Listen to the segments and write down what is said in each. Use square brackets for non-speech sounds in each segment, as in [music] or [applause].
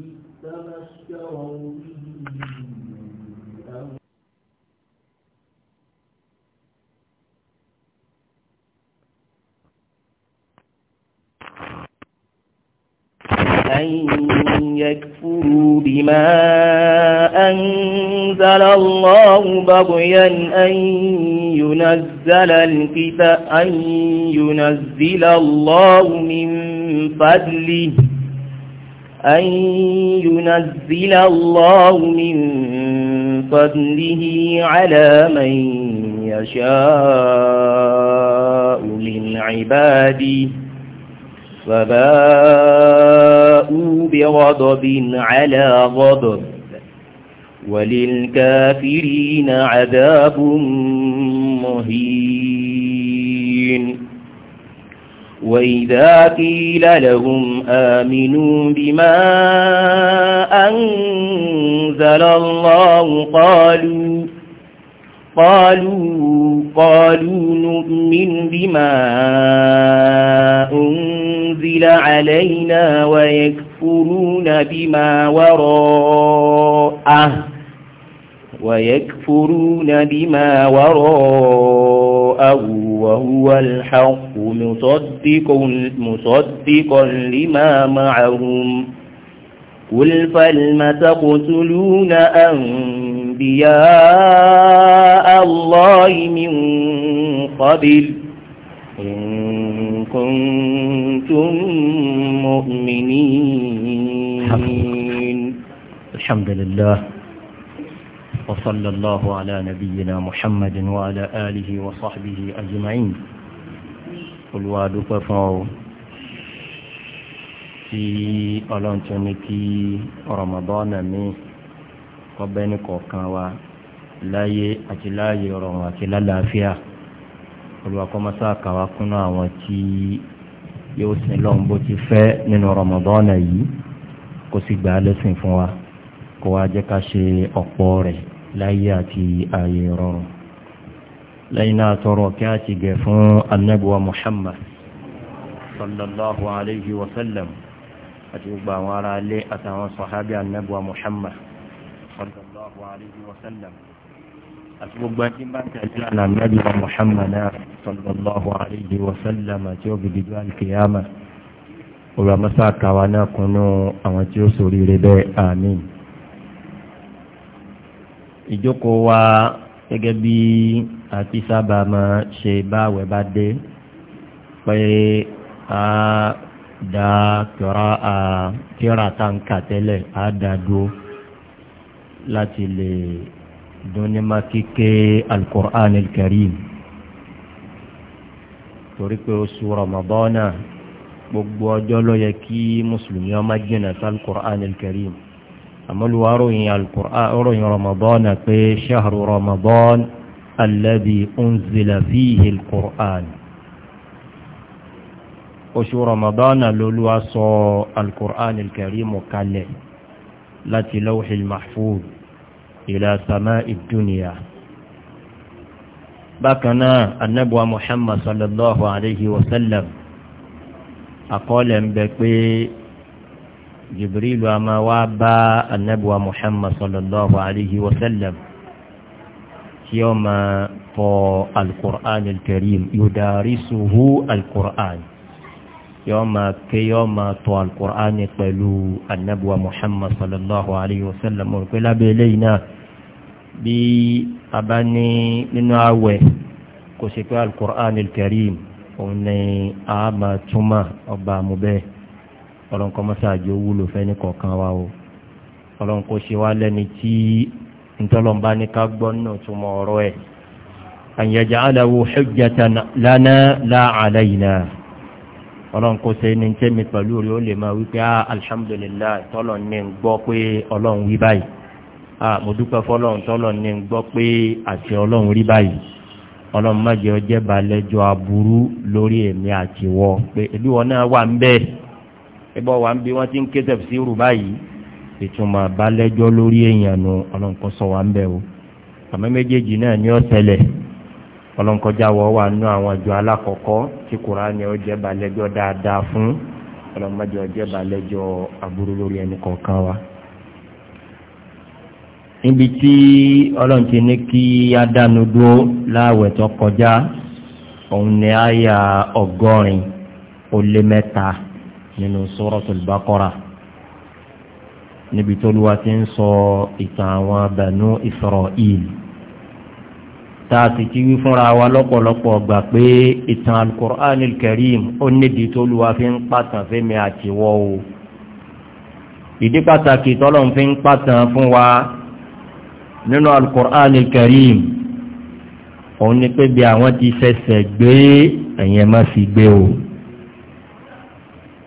أن يكفروا بما أنزل الله بغيا أن ينزل الكتاب أن ينزل الله من فضله أن ينزل الله من فضله على من يشاء من عباده فباءوا بغضب على غضب وللكافرين عذاب مهين وإذا قيل لهم آمنوا بما أنزل الله قالوا قالوا قالوا نؤمن بما أنزل علينا ويكفرون بما وراءه ويكفرون بما وراءه وهو الحق مصدق مصدقا لما معهم قل فلم تقتلون أنبياء الله من قبل إن كنتم مؤمنين الحمد لله وصلى الله على نبينا محمد وعلى آله وصحبه أجمعين قل وادك فو في ألانتونيكي رمضان من قبنك وكاوا láyé àti láàyè ọ̀rọ̀rùn àti lálàáfíà olùwàkọ́mọ́sá kàwá kúnná àwọn tí yóò sin lọ́n bó ti fẹ́ nínú rọmọdọ́nà yìí kó sì gbà á lẹ́sìn fún wa kó wá jẹ́ ká ṣe ọ̀pọ̀ rẹ̀ láyé àti ààyè rọrùn lẹ́yìn náà tọrọ kí a ti gẹ̀ fún annabuwa muhammad sallallahu alayhi wa sallam àti gbogbo àwọn ará ilé àtàwọn sọ̀hábí annabuwa muhammad sallallahu alayhi wa sallam àti gbogbo ẹni bá ń tẹ̀lé àná annabuwa muhammad sallallahu alayhi wa sallam àti òbídìgbò alkiyama olùwàmọ́sá kàwa náà kúnnú àwọn tí ó sòrí rẹ̀ bẹ́ẹ̀ àmín ìjókòó wa gẹ́gẹ́ bí àti sábà máa ṣe báwẹ̀ bá dé pé a dá kíra a kíra tá ń kà tẹ́lẹ̀ a dá dúró láti lè dún má kíké al-Qur'an al-Karim torí pé oṣù Ramadana gbogbo ọjọ́ ló yẹ kí mùsùlùmí ó jìnnà sí al-Qur'an al-Karim àmọ́lùwà ròyìn al-Qur'an ròyìn Ramadan pé shahru Ramadan alladhi unzila fihi al-Qur'an oṣù Ramadan lolúwa sọ al-Qur'an al-Karim kalẹ̀ láti lawhil mahfuz ila sama'i dunya bákanáà annabuwa Muhammad sallallahu alayhi wa sallam ń bẹ pé jibrilu a máa wá bá anabuwa muhammad sallallahu alayhi wa sallam tí ó máa fọ alukur'an alkarim yudarisuhu alukur'an yóò máa ké yóò máa tọ alukur'an pẹ̀lú anabuwa muhammad sallallahu alayhi wa sallam olùkọ́ lábẹ́ eléyìí náà bí a bá ní nínú àwẹ̀ kò sí pé alukur'an alkarim òun ni a máa túmọ̀ ọba àmúbẹ́ẹ́ ọlọ́nkọ́ mọ́sáàjì ó wúlò fẹ́ni kọ̀ọ̀kan wa o ọlọ́nkọ́ ṣe wá lẹ́ni tí ntọ́lọ́mbá ní ká gbọ́ nínú túmọ̀ ọ̀rọ̀ ẹ̀ àyẹ̀jẹ̀ aláwo hujjata lana la alayna ọlọ́nkọ́ ṣe ní tẹ́mi pẹ̀lú rí ó lè máa wípé ah, alhamdulilayi tọ́lọ̀ ní ń gbọ́ pé ọlọ́run wí báyìí ah, mo dúpẹ́ fọlọ́run tọ́lọ̀ ní ń gbọ́ pé àti ọlọ́run rí báyìí ọlọ́run má jẹ́ ọjẹ́ balẹ̀ jọ aburú lórí èmi àtiwọ́ pé ìlú wọn náà wà ń bẹ́ẹ̀ ìbọ̀ wà ń bí wọ́n ti ń ké tẹ̀síìrù báyìí ìtumọ̀ balẹ̀jọ́ lórí èèyàn nu ọlọ́nkọ́ sọ wà ń bẹ̀ o àmọ́ méjèèjì náà ni ó tẹ̀lẹ̀ ọlọ́nkọjá wọ́ wà nú àwọn ìjọ alákọ̀ọ́kọ́ tí kùránì ó jẹ́ balẹ̀jọ́ dáadáa fún ọlọ́mọdé ó jẹ́ balẹ̀jọ́ lórí ẹnì kọ̀ọ̀kan wa. níbi tí ọlọ́run ti ní kí adánu dúró láàwẹ̀ tó kọjá òun ni àyà ọgọ́rin ó lé mẹ́ta nínú suratul Baqara níbi tó lùwà ti ń sọ ìtàn àwọn Banu Isra'il tá a sì ti wí fúnra wa lọ́pọ̀lọpọ̀ gbà pé ìtàn al-Qur'anil Karim ó nídìí tó lùwà fi ń pàtàn fẹ́mi àtiwọ́ o ìdí pàtàkì tọ́lọ́n fi ń pàtàn fún wa nínú al-Qur'anil òun ni pé bí àwọn ti fẹsẹ̀ gbé ẹ̀yẹn má fi gbé o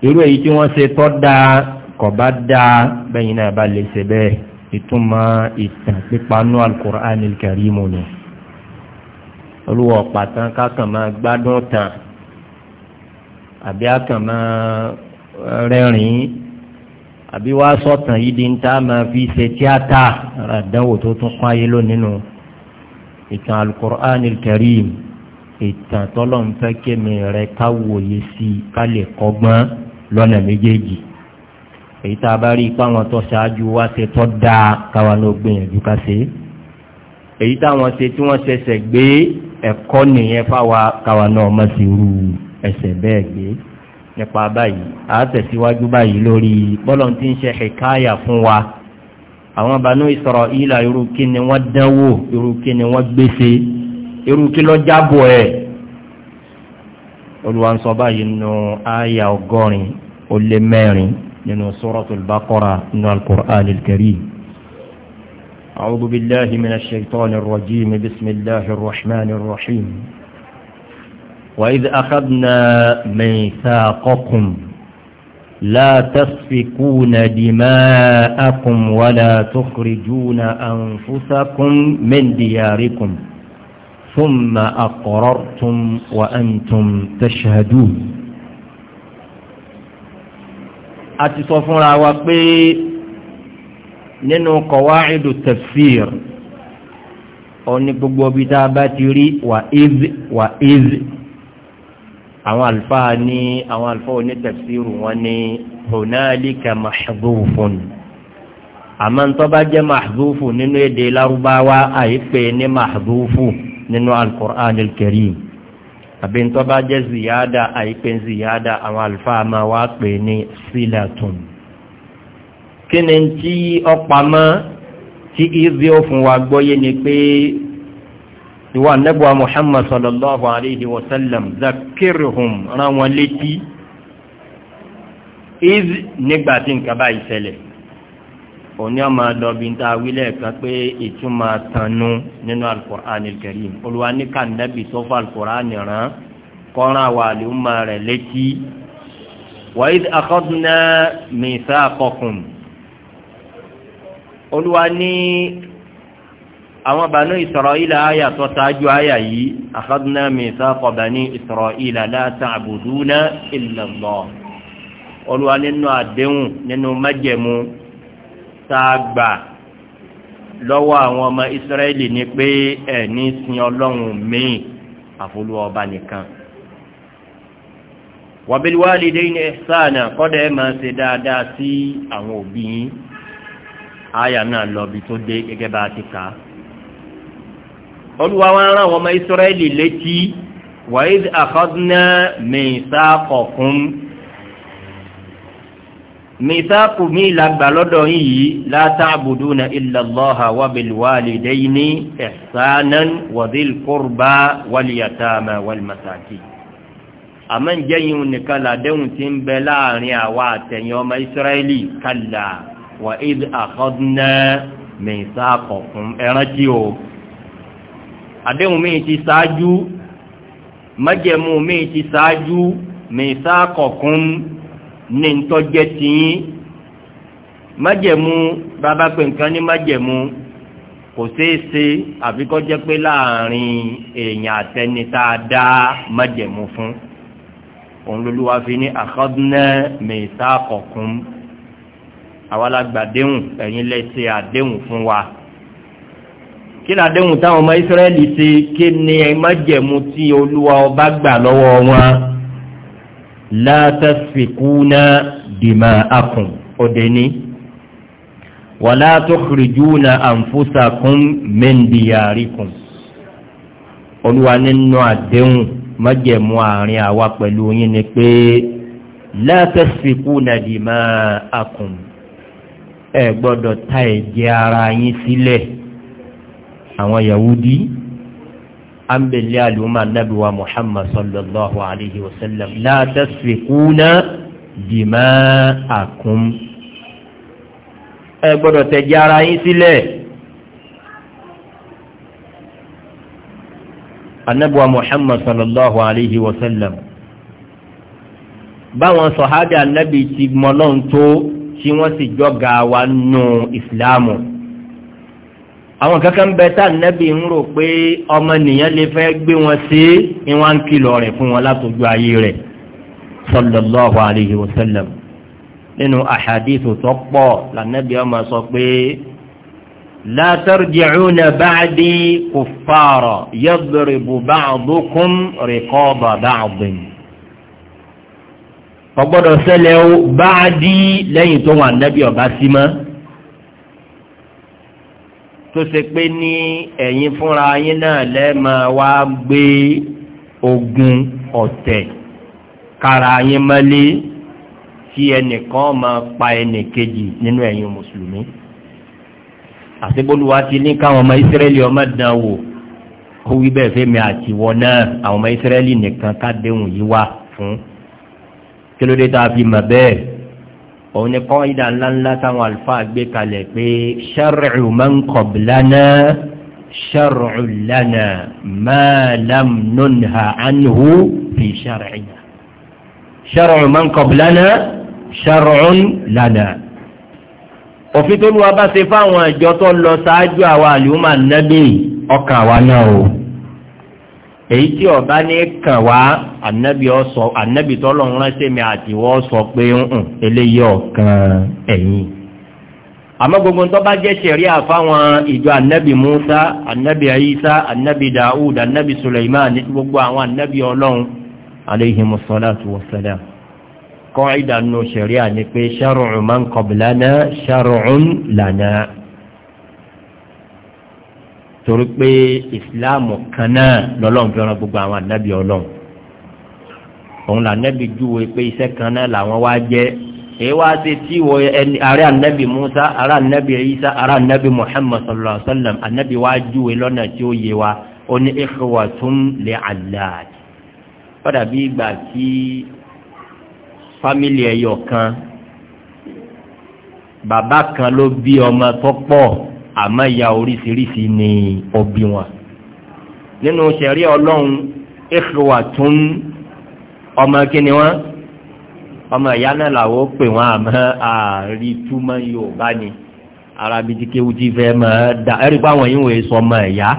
irú èyí tí wọ́n ṣe tọ́ dáa kọ̀ bá dáa bẹ́yìn náà bá lè ṣe bẹ́ẹ̀ ìtumọ̀ ìtàn pípanú al-Qur'an al-Karim ni olúwọ̀ pàtàn kákan máa gbádùn tàn àbí àkàn máa rẹ́rìn àbí wá sọ̀tàn yìí di ń tá máa fi ṣe tíátà àdánwò tó tún páyé lónìí nù ìtàn al-Qur'an al-Karim ìtàn tọ́lọ́ ń fẹ́ kémi rẹ káwòye sí i ká lè kọ́gbọ́n lọ́nà méjèèjì èyí tá a bá rí ipá wọn tó ṣáájú wá ṣe tó dáa káwa ló gbìyànjú ká ṣe èyí táwọn ṣe tí wọ́n ṣẹ̀ṣẹ̀ gbé ẹ̀kọ́ nìyẹn fáwa káwa náà má sì rú ẹsẹ̀ bẹ́ẹ̀ gbé nípa báyìí a tẹ̀síwájú báyìí lórí bọ́lọ̀ tí ń ṣe hikaya fún wa àwọn Banu Israila irú kí ni wọ́n dánwò irú kí ni wọ́n gbéṣe irú kí lọ jábọ̀ ẹ̀ olùwànsọ báyìí nù àyà ọgọ́rin ó lé mẹ́rin nínú suratul baqara nínú al-Qur'an al-Karim. أعوذ بالله من الشيطان الرجيم بسم الله الرحمن الرحيم وإذ أخذنا ميثاقكم لا تسفكون دماءكم ولا تخرجون أنفسكم من دياركم ثم أقررتم وأنتم تشهدون àti sọ fúnra wa pé nínú kọ̀wáìdù tafsir ọ̀ní gbogbo bí tá a bá ti rí wà íz wà íz àwọn àlùfáà ní àwọn àlùfáà ní tafsiru wọn ní hunalika mahdhufun àmọ́ ń tọ́ bá jẹ́ mahdhufu nínú èdè lárúbáwá àìpé ní mahdhufu nínú alukur'an alkarim àbí ń tọ́ba jẹ́ ziyada àìpé ziyada àwọn àlùfáà máa wá pè ní sílàtún kí ni tí ọ̀pamọ́ tí ìdí òfin wa gbọ́yé ni pé ìwà nẹ́bùwà muhammad sallallahu alayhi wa sallam zakirhum ran wọn létí ìdí nígbà nǹkan bá ìṣẹ̀lẹ̀ òní ọmọ dọ̀bí ta wílẹ̀ kan pé ìtumọ̀ tanu nínú alukur'an karim olùwà ní kàndẹ́bì sọ́fà alukur'an rán kọ́ra wà lùmọ̀ rẹ̀ létí. wàyí akọ́dúnà mìsà kọkùn olùwà ní àwọn bànú ìsọ̀rọ̀ìlà àyà tó ṣáájú àyà yìí akọ́dúnà mìsà kọ̀bàní ìsọ̀rọ̀ìlà láta àbùdúnà illallah olùwà nínú àdéhùn nínú májẹ̀mú tá a gbà lọ́wọ́ àwọn ọmọ Ísírẹ́lì ni pé ẹ̀ ní sin ọlọ́run míì àfolúọba nìkan wàbíwálidéyìn ẹ̀sánà kọ́dẹ̀ ẹ̀ máa ṣe dáadáa sí àwọn òbí yín àyà náà lọ́bi tó dé gẹ́gẹ́ bá a ti kà á olúwa wọn rán àwọn ọmọ Ísírẹ́lì létí wàhíd àkọ́dúnà mìíràn kọ̀ọ̀kún mìtáàkù mi làgbà lọ́dọ̀ yín yìí la ta'buduna illa Allaha wa bil walidayni ihsanan wa dhil qurba wal yatama wal masakin àmọ́ ń jẹ́ yìí nìkan làdéhùn tí ń bẹ láàrin àwa àtẹ̀yìn ọmọ ìsírẹ́lì kàlà wà ìdí àkọ́dúnná mìsáàkọ̀ fún ẹrántí o àdéhùn míì ti ṣáájú májẹ̀mú míì ti ṣáájú mìsáàkọ̀ fún ní ntọ́jẹ́ tìyín májẹ̀mú bàbá pé nǹkan ní májẹ̀mú kò ṣeé ṣe àfi kọ́ jẹ́ pé láàrin èèyàn àtẹni tá a dá májẹ̀mú fún òun lolúwa fi ní akhadna mithaqakum àwa la ẹ̀yin lẹ àdéhùn fún wa kí ni àdéhùn táwọn ọmọ Ísírẹ́lì ṣe kí ni ẹ májẹ̀mú tí olúwa ọba gbà lọ́wọ́ wọn látàfikúnà dìmà akùn òde ní wàlá tó kìrìjúnà àǹfúsàkùn mẹ́ndìyàríkùn olúwa nínú àdéhùn májẹ̀mú àárín àwa pẹ̀lú yín ni pé látàfikúnà dìmà akùn ẹ gbọ́dọ̀ ta ẹ̀jẹ̀ ara yín sílẹ̀ àwọn yahudi ambele aluma nabi wa muhammad sallallahu alayhi wa sallam la tasfikuna dima'akum ẹ gbọ́dọ̀ tẹ̀jì ara yín sílẹ̀ anabi wa muhammad sallallahu alayhi wa sallam báwọn sọ̀hádà anabi ti mọ́lọ́n tó tí wọ́n sì jọ́ga wa nù ìsìláàmù. No àwọn kankan ń bẹ tá nẹ́bí ń rò pé ọmọ nìyàn lè fẹ́ gbé wọn sí ìwọ̀n ń kìlọ̀ rẹ̀ fún wọn látọjú ayé rẹ̀ sallallahu alayhi wa sallam nínú àhàdìsù tó pọ̀ lànẹ́bí ọmọ sọ pé la tarji'una ba'di kuffara yadribu ba'dukum riqaba ba'din ọgbọ́dọ̀ ṣẹlẹ̀ o ba'di lẹ́yìn tó wà nẹ́bí ọba sí tó ṣe pé ní ẹ̀yin fúnra yín náà lẹ́ẹ̀mọ́ wá gbé ogun ọ̀tẹ̀ kára yín mọ́lé tí ẹnìkan máa pa ẹnìkejì nínú ẹ̀yin mùsùlùmí àti bólúwa ti ní káwọn ọmọ ìsírẹ́lì ọmọ dán wò ó wí bẹ́ẹ̀ fẹ́mi àtiwọ́ náà àwọn ọmọ ìsírẹ́lì nìkan ká déhùn yìí wà fún kí ló dé tá a fi mọ̀ bẹ́ẹ̀ òun ni kọ́ ìdá ńláńlá táwọn alfáà gbé kalẹ̀ pé ṣẹ́rù mọ́nkọ̀bìlánà ṣẹ́rù lánà máàlám nùnà ánìhù fi ṣẹ́rù ìyá ṣẹ́rù mọ́nkọ̀bìlánà ṣẹ́rù lánà òfin tó lùwà bá ṣe fáwọn ìjọ tó lọ ṣáájú àwọn àlùmọ̀ nẹ́bí ọkà wa náà èyí tí ọba ní kàn wá ànábì tọ́lọ́run ránṣẹ́ mi àti wọ́n sọ pé ń eléyìí ọ̀kan ẹ̀yìn àmọ́ gbogbo tó bá jẹ́ ṣẹ̀rí àfáwọn ìjọ ànábì musa ànábì ayisa ànábì daoud ànábì suleiman ní gbogbo àwọn ànábì ọlọ́run aleyhimusalatu wasalam kọ́ ìdánù ṣẹ̀rí torí pé ìsìláàmù kan náà lọ́lọ́run fi ran gbogbo àwọn ànábì ọlọ́run òun là nẹ́bì júwe pé iṣẹ́ kan náà làwọn wá jẹ́ èyí wá sí tí wọ ẹni ààrẹ ànábì musa ààrẹ ànábì isa ààrẹ ànábì muhammad sallallahu alaihi wa sallam ànábì wá júwe lọ́nà tí ó yé wa ó ní ikhwatun li alad kọ́dà bí ìgbà tí fámìlì ẹ̀yọ̀ kan bàbá kan ló bí ọmọ tó pọ̀ àmọ́ ìyá oríṣiríṣi ni òbí wọn nínú sẹ̀rí ọlọ́run ìfúwà tún ọmọ kíni wọn ọmọ ìyá náà làwọn pè wọn àmọ́ àárí túmọ̀ yorùbá ni arabidike wùdí fẹ́ máa da ẹ̀rí pé àwọn yìí wòye sọ ọmọ ìyá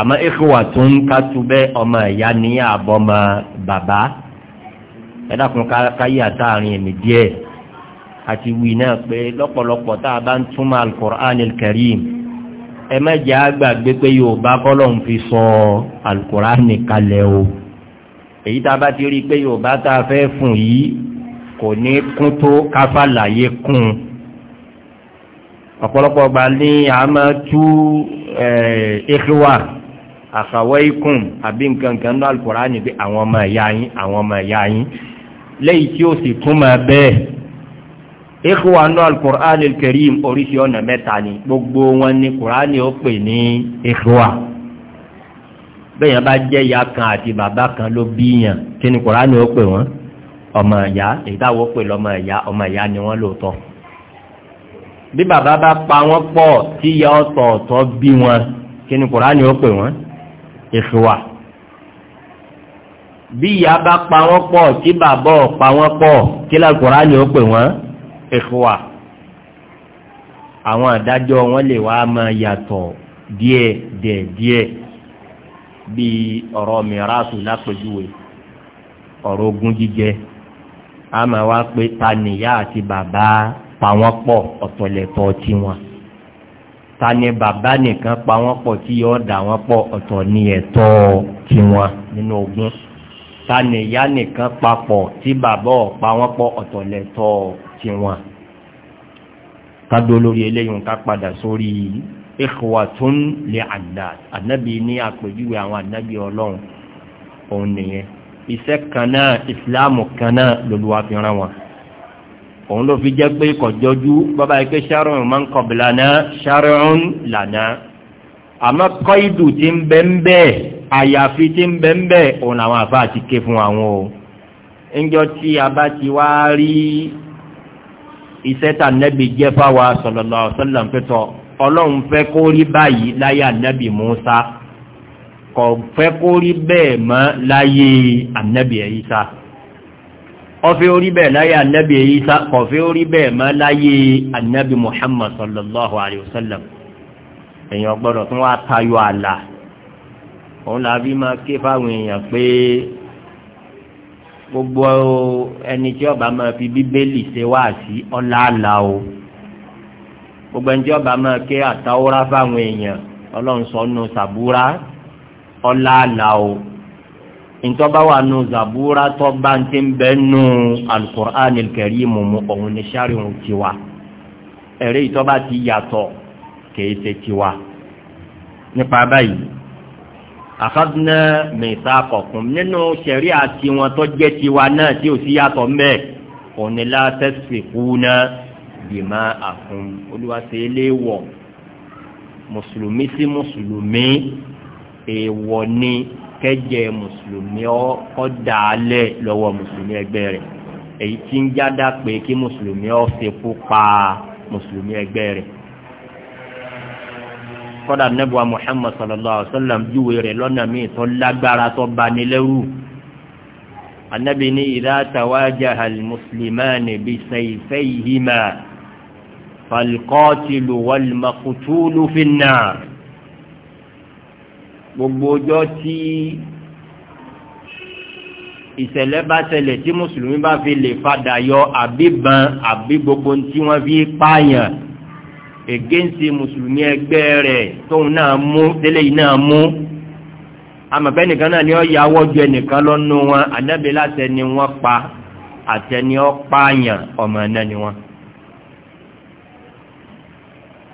àmọ́ ìfúwà tún ká tu bẹ́ ọmọ ìyá ní àbọ̀mọ bàbá ẹ dákun káyà táàrin èmi díẹ̀ àti wì náà pé lọ́pọ̀lọpọ̀ tá a bá ń túmọ̀ alukur'an karim ẹ má jẹ́ àgbàgbé pé yorùbá kọ́lọ̀ ń fi sọ alukur'an kalẹ̀ o èyí tá a bá ti rí i pé yorùbá tá a fẹ́ fún yìí kò ní kún tó káfàlàyé kún ọ̀pọ̀lọpọ̀ ọgbà ní a máa tú ẹ̀ẹ́kíwà àkàwọ́ ikùn àbí nkankan ní alukùránì pé àwọn ọmọ ẹ̀yà yín àwọn ọmọ ẹ̀yà yín lẹ́yìn tí ó sì tún máa bẹ́ẹ̀ ikhwa nu al-Qur'an al-Karim oríṣi ọ̀nà mẹ́ta ni gbogbo wọn ni Qur'ani ó pè ní ikhwa bẹ́yàn bá jẹ́ ìyá kan àti bàbá kan ló bíyàn kí ni Qur'ani ó pè wọ́n ọmọ ìyá ìdáwó pè lọ́mọ ìyá ọmọ ìyá ni wọ́n lóòótọ́ bí bàbá bá pa wọ́n pọ̀ tí ìyá ọ̀tọ̀ọ̀tọ̀ bí wọn kí ni Qur'ani ó pè wọ́n ikhwa bí ìyá bá pa wọ́n pọ̀ tí bàbá ò pa wọ́n pọ̀ kí ni Qur'ani ó pè wọ́n ìkùwà àwọn àdájọ́ wọ́n lè wá máa yàtọ̀ díẹ̀ díẹ̀ díẹ̀ bí ọ̀rọ̀ mìíràtù lápẹjúwe ọ̀rọ̀ ogún jíjẹ a máa wá pé ta àti bàbá pa wọ́n pọ̀ ọ̀tọ̀lẹ̀tọ̀ tiwọn ta ni bàbá nìkan pa wọ́n pọ̀ tí yóò dà wọ́n pọ̀ ọ̀tọ̀ ni ẹ̀tọ́ tiwọn nínú ogún ta nìyá nìkan papọ̀ tí bàbá ọ̀ pa wọ́n pọ̀ ọ̀tọ̀lẹ̀tọ̀ tiwọn kádó lórí eléyìí ká padà sórí ikhwatun li addad ànábì ní àpèjúwe àwọn ànábì ọlọ́run òun nìyẹn iṣẹ́ kan náà ìsìláàmù kan náà lolúwa fi rán wọn òun ló fi jẹ́ pé kọjọ́jú bàbá ike sharon man qablana sharon lana àmọ́ kọ́ìdù ti ń bẹ́ ń bẹ́ àyàfi ti ń bẹ́ ń bẹ́ òun làwọn àfáà ti ké fún àwọn o ńjọ́ tí a bá ti wá rí iṣẹ́ tà nẹ́bí jẹ́ fáwa sọ̀lọ̀lọ̀ sọ́lọ̀ ń pẹ́tọ̀ ọlọ́run fẹ́ kó rí báyìí láyé ànẹ́bí Musa kò fẹ́ kó rí bẹ́ẹ̀ mọ́ láyé ànẹ́bí Isa ọfẹ́ orí bẹ́ẹ̀ láyé ànẹ́bí Isa kò fẹ́ orí bẹ́ẹ̀ mọ́ láyé ànẹ́bí Muhammad sọ̀lọ̀lọ́hu gbogbo ẹni tí ọba máa fi bíbélì ṣe wá sí ọláàlá o gbogbo ẹni tí ọba máa ké àtàwọ́rá fáwọn èèyàn ọlọ́run sọ nù sàbúrà ọláàlá o ntọ́ba wà nù sàbúrà tọ́ba ti ń bẹ́ nù alukur'an kẹrì mùmú ọ̀hún ní sáré-hùn tiwa ẹ̀rí ìtọ́ba ti yàtọ̀ kèé ṣe tiwa nípa báyìí àkàdúnà mẹ́ta kọ̀ọ̀kan nínú sẹ̀rí àti wọn tó jẹ́ tiwa náà tí ò sí yàtọ̀ mẹ́ òní látẹ́sì kúnà bìmá àfún olúwaṣẹ́ eléwọ̀ mùsùlùmí sí mùsùlùmí èèwọ̀ ni kẹjẹ mùsùlùmí ọkọ̀ dàálẹ̀ lọ́wọ́ mùsùlùmí ẹgbẹ́ rẹ̀ èyí tí ń jádà pé kí mùsùlùmí ó ṣekú pa mùsùlùmí ẹgbẹ́ rẹ̀ kọ́dà nẹ́bùwà Muhammad sallallahu alaihi wa sallam júwe rẹ̀ lọ́nà míì tó lágbára tó bá ní lẹ́rù anabi ni idha tawajaha al-muslimani bi sayfayhima falqatilu wal maqtulu fin nar gbogbo ọjọ́ tí ìṣẹ̀lẹ̀ bá ṣẹlẹ̀ tí mùsùlùmí bá fi lè fadà yọ àbíbọn àbí gbogbo tí wọ́n fi pààyàn ègéǹsì mùsùlùmí ẹgbẹ́ rẹ̀ tóun náà mú délé yìí náà mú amọ̀fẹ́ nìkan náà ni ó yà wọ́jú ẹnìkan lọ́nu wọn ànábì láti ẹni wọn pa àtẹni ó pààyàn ọmọ ẹ̀nà ni wọn.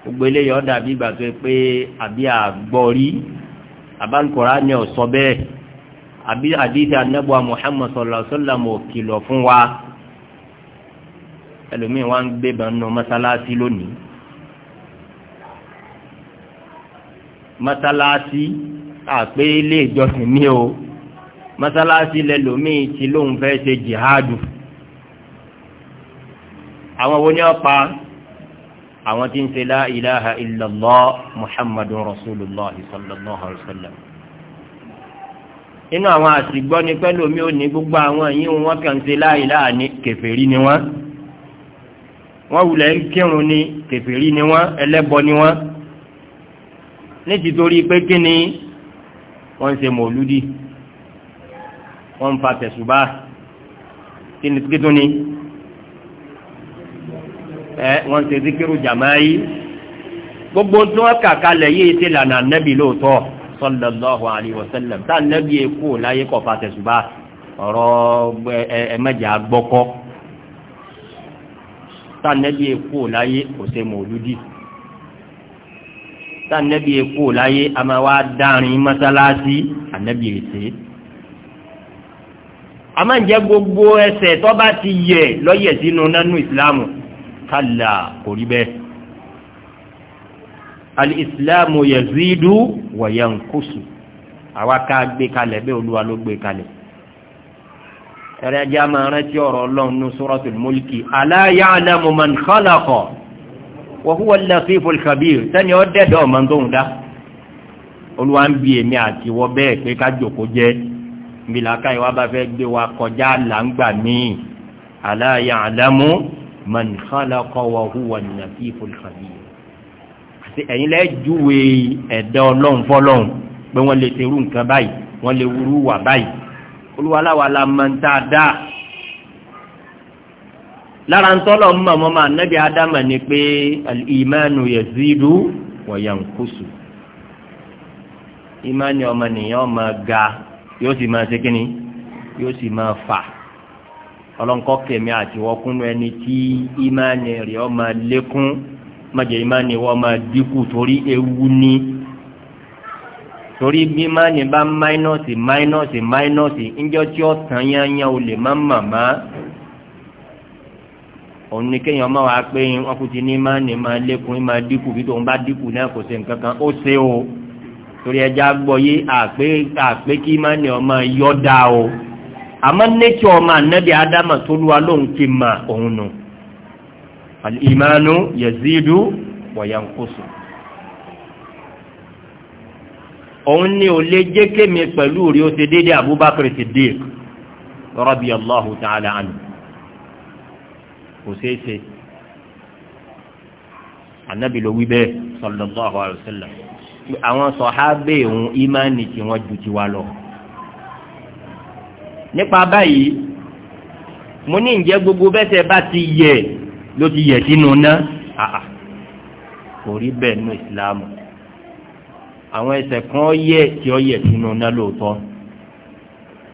gbogbo eléyìí ọ̀dà bí ìgbà tó pé àbí àgbọ̀rí àbánkọ̀rá ni ó sọ bẹ́ẹ̀ àbí àdìsí anábọ̀ Muhammad sallallahu alaihi wasallam fún wa ẹlòmíín wá ń gbébọn nù mọ́sálásí lónìí. Masalasi àpé ilé ìjọsìn ní o masalasi lẹ́lòmíì tí lóun fẹ́ ṣe jihadu àwọn wo ni ó pa àwọn tí ń ṣe la ilaha illallah muhammadu rasulillah sallallahu alayhi wa sallam inú àwọn àsìgbọ́ ni pẹ́lú omi ò ní gbogbo àwọn yìí wọ́n kàn ṣe la ilaha ní kèfèrí ni wọ́n wọ́n wulẹ̀ ń kírun ní kèfèrí ni wọ́n ẹlẹ́bọ ni wọ́n ní ti torí pé kí ni wọ́n ń ṣe mọ̀lúdì wọ́n ń fa tẹ̀sùbá kí ni kí tó ni ẹ wọ́n ń ṣe zikiru jàmáyí gbogbo tí wọ́n kà kalẹ̀ yìí ti lànà nẹ́bí lóòótọ́ sallallahu alayhi wa sallam tá nẹ́bí eku láyé kọ̀ fa tẹ̀sùbá ọ̀rọ̀ ẹ̀mẹ́jà gbọ́kọ́ tá nẹ́bí eku láyé kò ṣe mọ̀lúdì tá ànábì èkó láyé a máa wá dárin mọ́sálásí ànábì èsè a máa ń jẹ́ gbogbo ẹsẹ̀ tó bá ti yẹ lọ́yẹ̀ sínú nánú ìsìláàmù kálà kò rí bẹ́ẹ̀ alìsìláàmù yazidu wa yankusu àwa ká gbé kalẹ̀ bẹ́ẹ̀ olúwa ló gbé kalẹ̀ ẹ̀rẹ́ ajá máa rántí ọ̀rọ̀ ọlọ́run ní suratul mulki ala ya'lamu man khalaqa wa huwa al-latiful khabir sẹ́ni ọ́ dẹ́dọ̀ ọmọ tó ń dá olúwa ń bi èmi àti wọ bẹ́ẹ̀ pé ká jòkó jẹ́ mìlàkà ìwà bá fẹ́ gbé wa kọjá làǹgbà míì ala ya'lamu man khalaqa wa huwa al-latiful khabir àti ẹ̀yin lẹ́ júwe ẹ̀dá ọlọ́run fọlọ́run pé wọ́n lè ṣerú nǹkan báyìí wọ́n lè wúrú wà báyìí olúwa láwa dáa lára ń tọ́lọ̀ ń mọ̀ mọ́mọ́ anábì ádámà ni pé ìmánu yazidu wa yankusu ìmánu ọmọnìyàn máa ga yóò sì máa ṣe kínní yóò sì máa fà ọlọ́nkọ́ kẹ̀mí àti wọ́kúnnú ẹni tí ìmánu rẹ̀ ó máa lékún májẹ̀ ìmánu wọ́n máa dínkù torí ewu ni torí bí ìmánu bá máínọ́ọ̀sì máínọ́ọ̀sì máínọ́ọ̀sì ńjọ́ tí ó tàn yányá o lè má màmá òun ni kéèyàn máa wá pé wọn kò ti ní máa ní máa lékun máa dínkù bí tòun bá dínkù náà kò ṣe nǹkan kan ó ṣe o torí ẹja gbọ́ yé àpé àpé kí máa ní ọmọ yọ dá o àmọ́ nẹ́tí ọmọ ànábì ádámà tó lúwa lóun ti mà òun nù ìmánu yẹ̀zídú wọ̀yànkóso òun ni ò lè jẹ́ kémi pẹ̀lú rí ó ti dédé Abubakar Siddiq radiyallahu ta'ala anhu kò ṣeé ṣe anabi ló wí bẹ́ẹ̀ sallallahu alaihi wasallam àwọn sọ̀hábẹ́ òun ìmánì tí wọ́n ju tiwa lọ. nípa báyìí mo ní ǹjẹ́ gbogbo bẹ́sẹ̀ bá ti yẹ ló ti yẹ sínú ná kò rí bẹ́ẹ̀ nínú ìsìlámù àwọn ẹsẹ̀ kan yẹ tí ó yẹ sínú ná lóòótọ́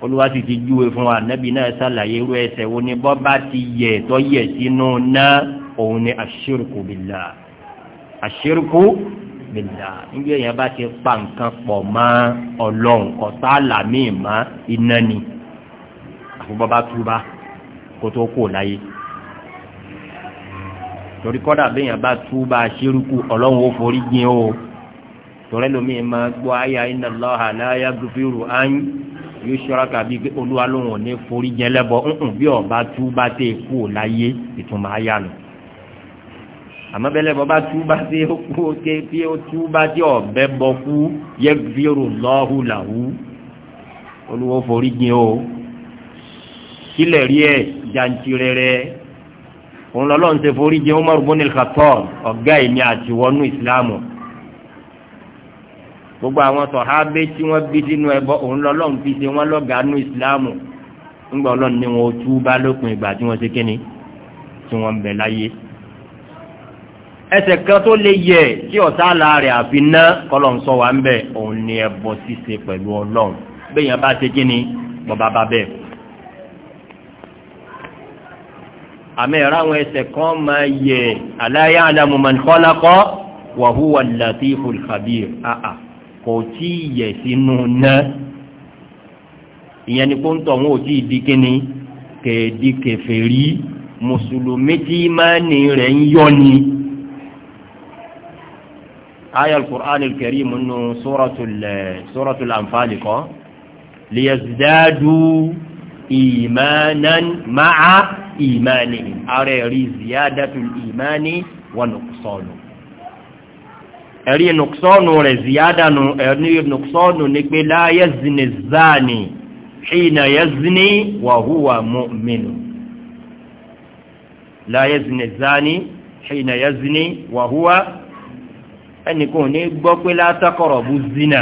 olúwa sì ti júwe fún wa nẹ́bí náà ṣàlàyé irú ẹsẹ̀ wo ni bọ́ bá ti yẹ tó yẹ sínú náà òun ni àṣírùkù bìlà àṣírùkù bìlà níbi èèyàn bá ti pa nǹkan pọ̀ mọ́ ọlọ́run kọ́ sálà míì mọ́ iná ni àfúbọ́ bá túbá kó tó kò láyé torí kọ́dà béèyàn bá túbá àṣírùkù ọlọ́run ó forí jìn o torí lómi máa gbọ́ àyà iná lọ́hà láyà gbúfìrù áyín yusraka bíi pé olúwa lòun ò ní forí jẹ lẹ́bọ ńkùn bí ọba tú bá tẹ kú ò láyé ìtumọ̀ ayá nù àmọ́ bẹ́ẹ̀ lẹ́bọ bá tú bá tẹ kú ó ké bí ó tú bá tẹ ọ̀bẹ bọ kú yẹ bírò lọ́hù làwù olúwo forí jẹ o kílẹ̀ rí ẹ̀ jantirẹrẹ òun lọ́lọ́run ṣe forí jẹ Umar ibn al-Khattab ọ̀gá ẹ̀mí àtiwọ́nú ìsìlámù gbogbo àwọn sọ̀hábé tí wọ́n bí sínú ẹbọ òun lọ́lọ́run fi ṣe wọ́n lọ́gàánú ìsìláàmù ńgbà ọlọ́run ni wọn ò tú bá lópin ìgbà tí wọ́n ṣe kíni tí wọ́n ń láyé. ẹsẹ̀ kan tó lè yẹ tí ọ̀tá àlà rẹ̀ àfi ná kọ́lọ̀ ń sọ wá ń bẹ̀ òun ni ẹbọ ṣíṣe pẹ̀lú ọlọ́run bẹ́ẹ̀yàn bá ṣe kíni bọ́ba bá bẹ́ẹ̀. àmì ẹ̀rọ àwọn ẹsẹ̀ kan máa yẹ aláyàlamu man khalaqa wa huwa al-latiful khabir áà kò tí ì yẹ̀ sínú ná ìyẹn ni kó ń tọ̀ wọn ò tí ì di kíni kèédi kèfèrí mùsùlùmí tí ìmánì rẹ̀ ń yọ ni. aya al-Qur'an al-Karim nínú suratul eh, suratul Anfal kọ́ liyazdadu ìmánan ma'a ìmánì ara ẹ̀rí ziyadatul ìmánì wa nuqsanu ẹ̀rí nùksọ́nù rẹ̀ ziyádànù ẹ̀rí nùksọ́nù ní pé láyé zini záàni ṣína yẹ zini wàhúwà mọ́mìnù láyé zini záàni ṣína yẹ zini wàhúwà ẹnìkan ní gbọ́ pé látàkọ̀rọ̀ bú zina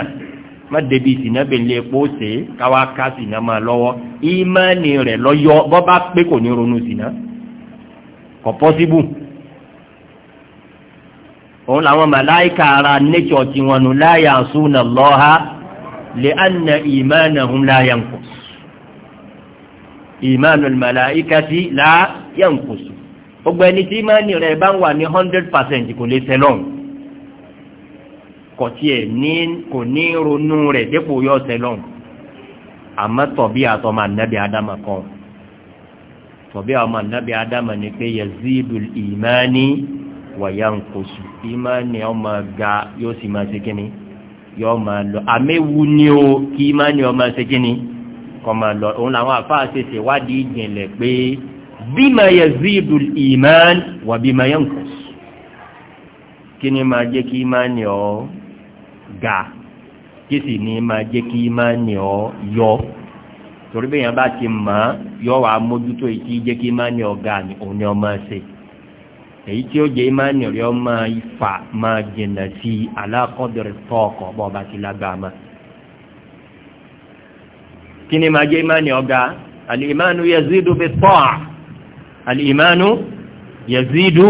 má débi ìsìnà bèlè pósè káwá ká sìnà máa lọ́wọ́ ìmánì rẹ̀ lọ́yọ́ bọ́ bá pé kò ní ronú sìnà kọ̀ pọ́síbù òun làwọn màláìka ara nẹ́tọ̀ tí wọn nù láyà súnà lọ́ha lè anna ìmánà hùn láyà ń kù ìmánà màláìka sí láyà ń kù sí gbogbo ẹni tí ìmánì rẹ̀ bá ń wà ní hundred percent kò lè sẹlọ̀n kò tiẹ̀ ní kò ní ronú rẹ̀ dépò yọ sẹlọ̀n àmọ́ tọ̀bí àtọmọ ànábì ádámà kan tọ̀bí àtọmọ ànábì ádámà ni pé yazidu ìmánì wàyà nkóso ìmánì ọmọ ga yóò sì máa ṣe kíni yóò máa lọ àmẹ́wu ni o kí ìmánì ọmọ ṣe kíni kọ́ máa lọ òun làwọn àfáà ṣe ṣèwádìí ìjìnlẹ̀ pé bímọ yazidu ìmán wà bímọ yẹn nkóso kí ni máa jẹ́ kí ìmánì ọ ga kí sì ni máa jẹ́ kí ìmánì ọ yọ torí bẹ́ẹ̀ yẹn bá ti mọ̀ ọ́ yọ wàá mójútó èyí jẹ́ kí ìmánì ọ ga ni òun ni ọmọ ṣe èyí tí ó jẹ́ ìmánì rẹ̀ ọmọ ifà máa jìnà sí alákọ̀dọ̀rẹ̀ tọ́ọ̀kọ̀ bọ́ọ̀bá ti lágbàmà kí ni máa jẹ́ ìmánì ọ̀gá alìmánu yazidu bi tọ́à alìmánu yazidu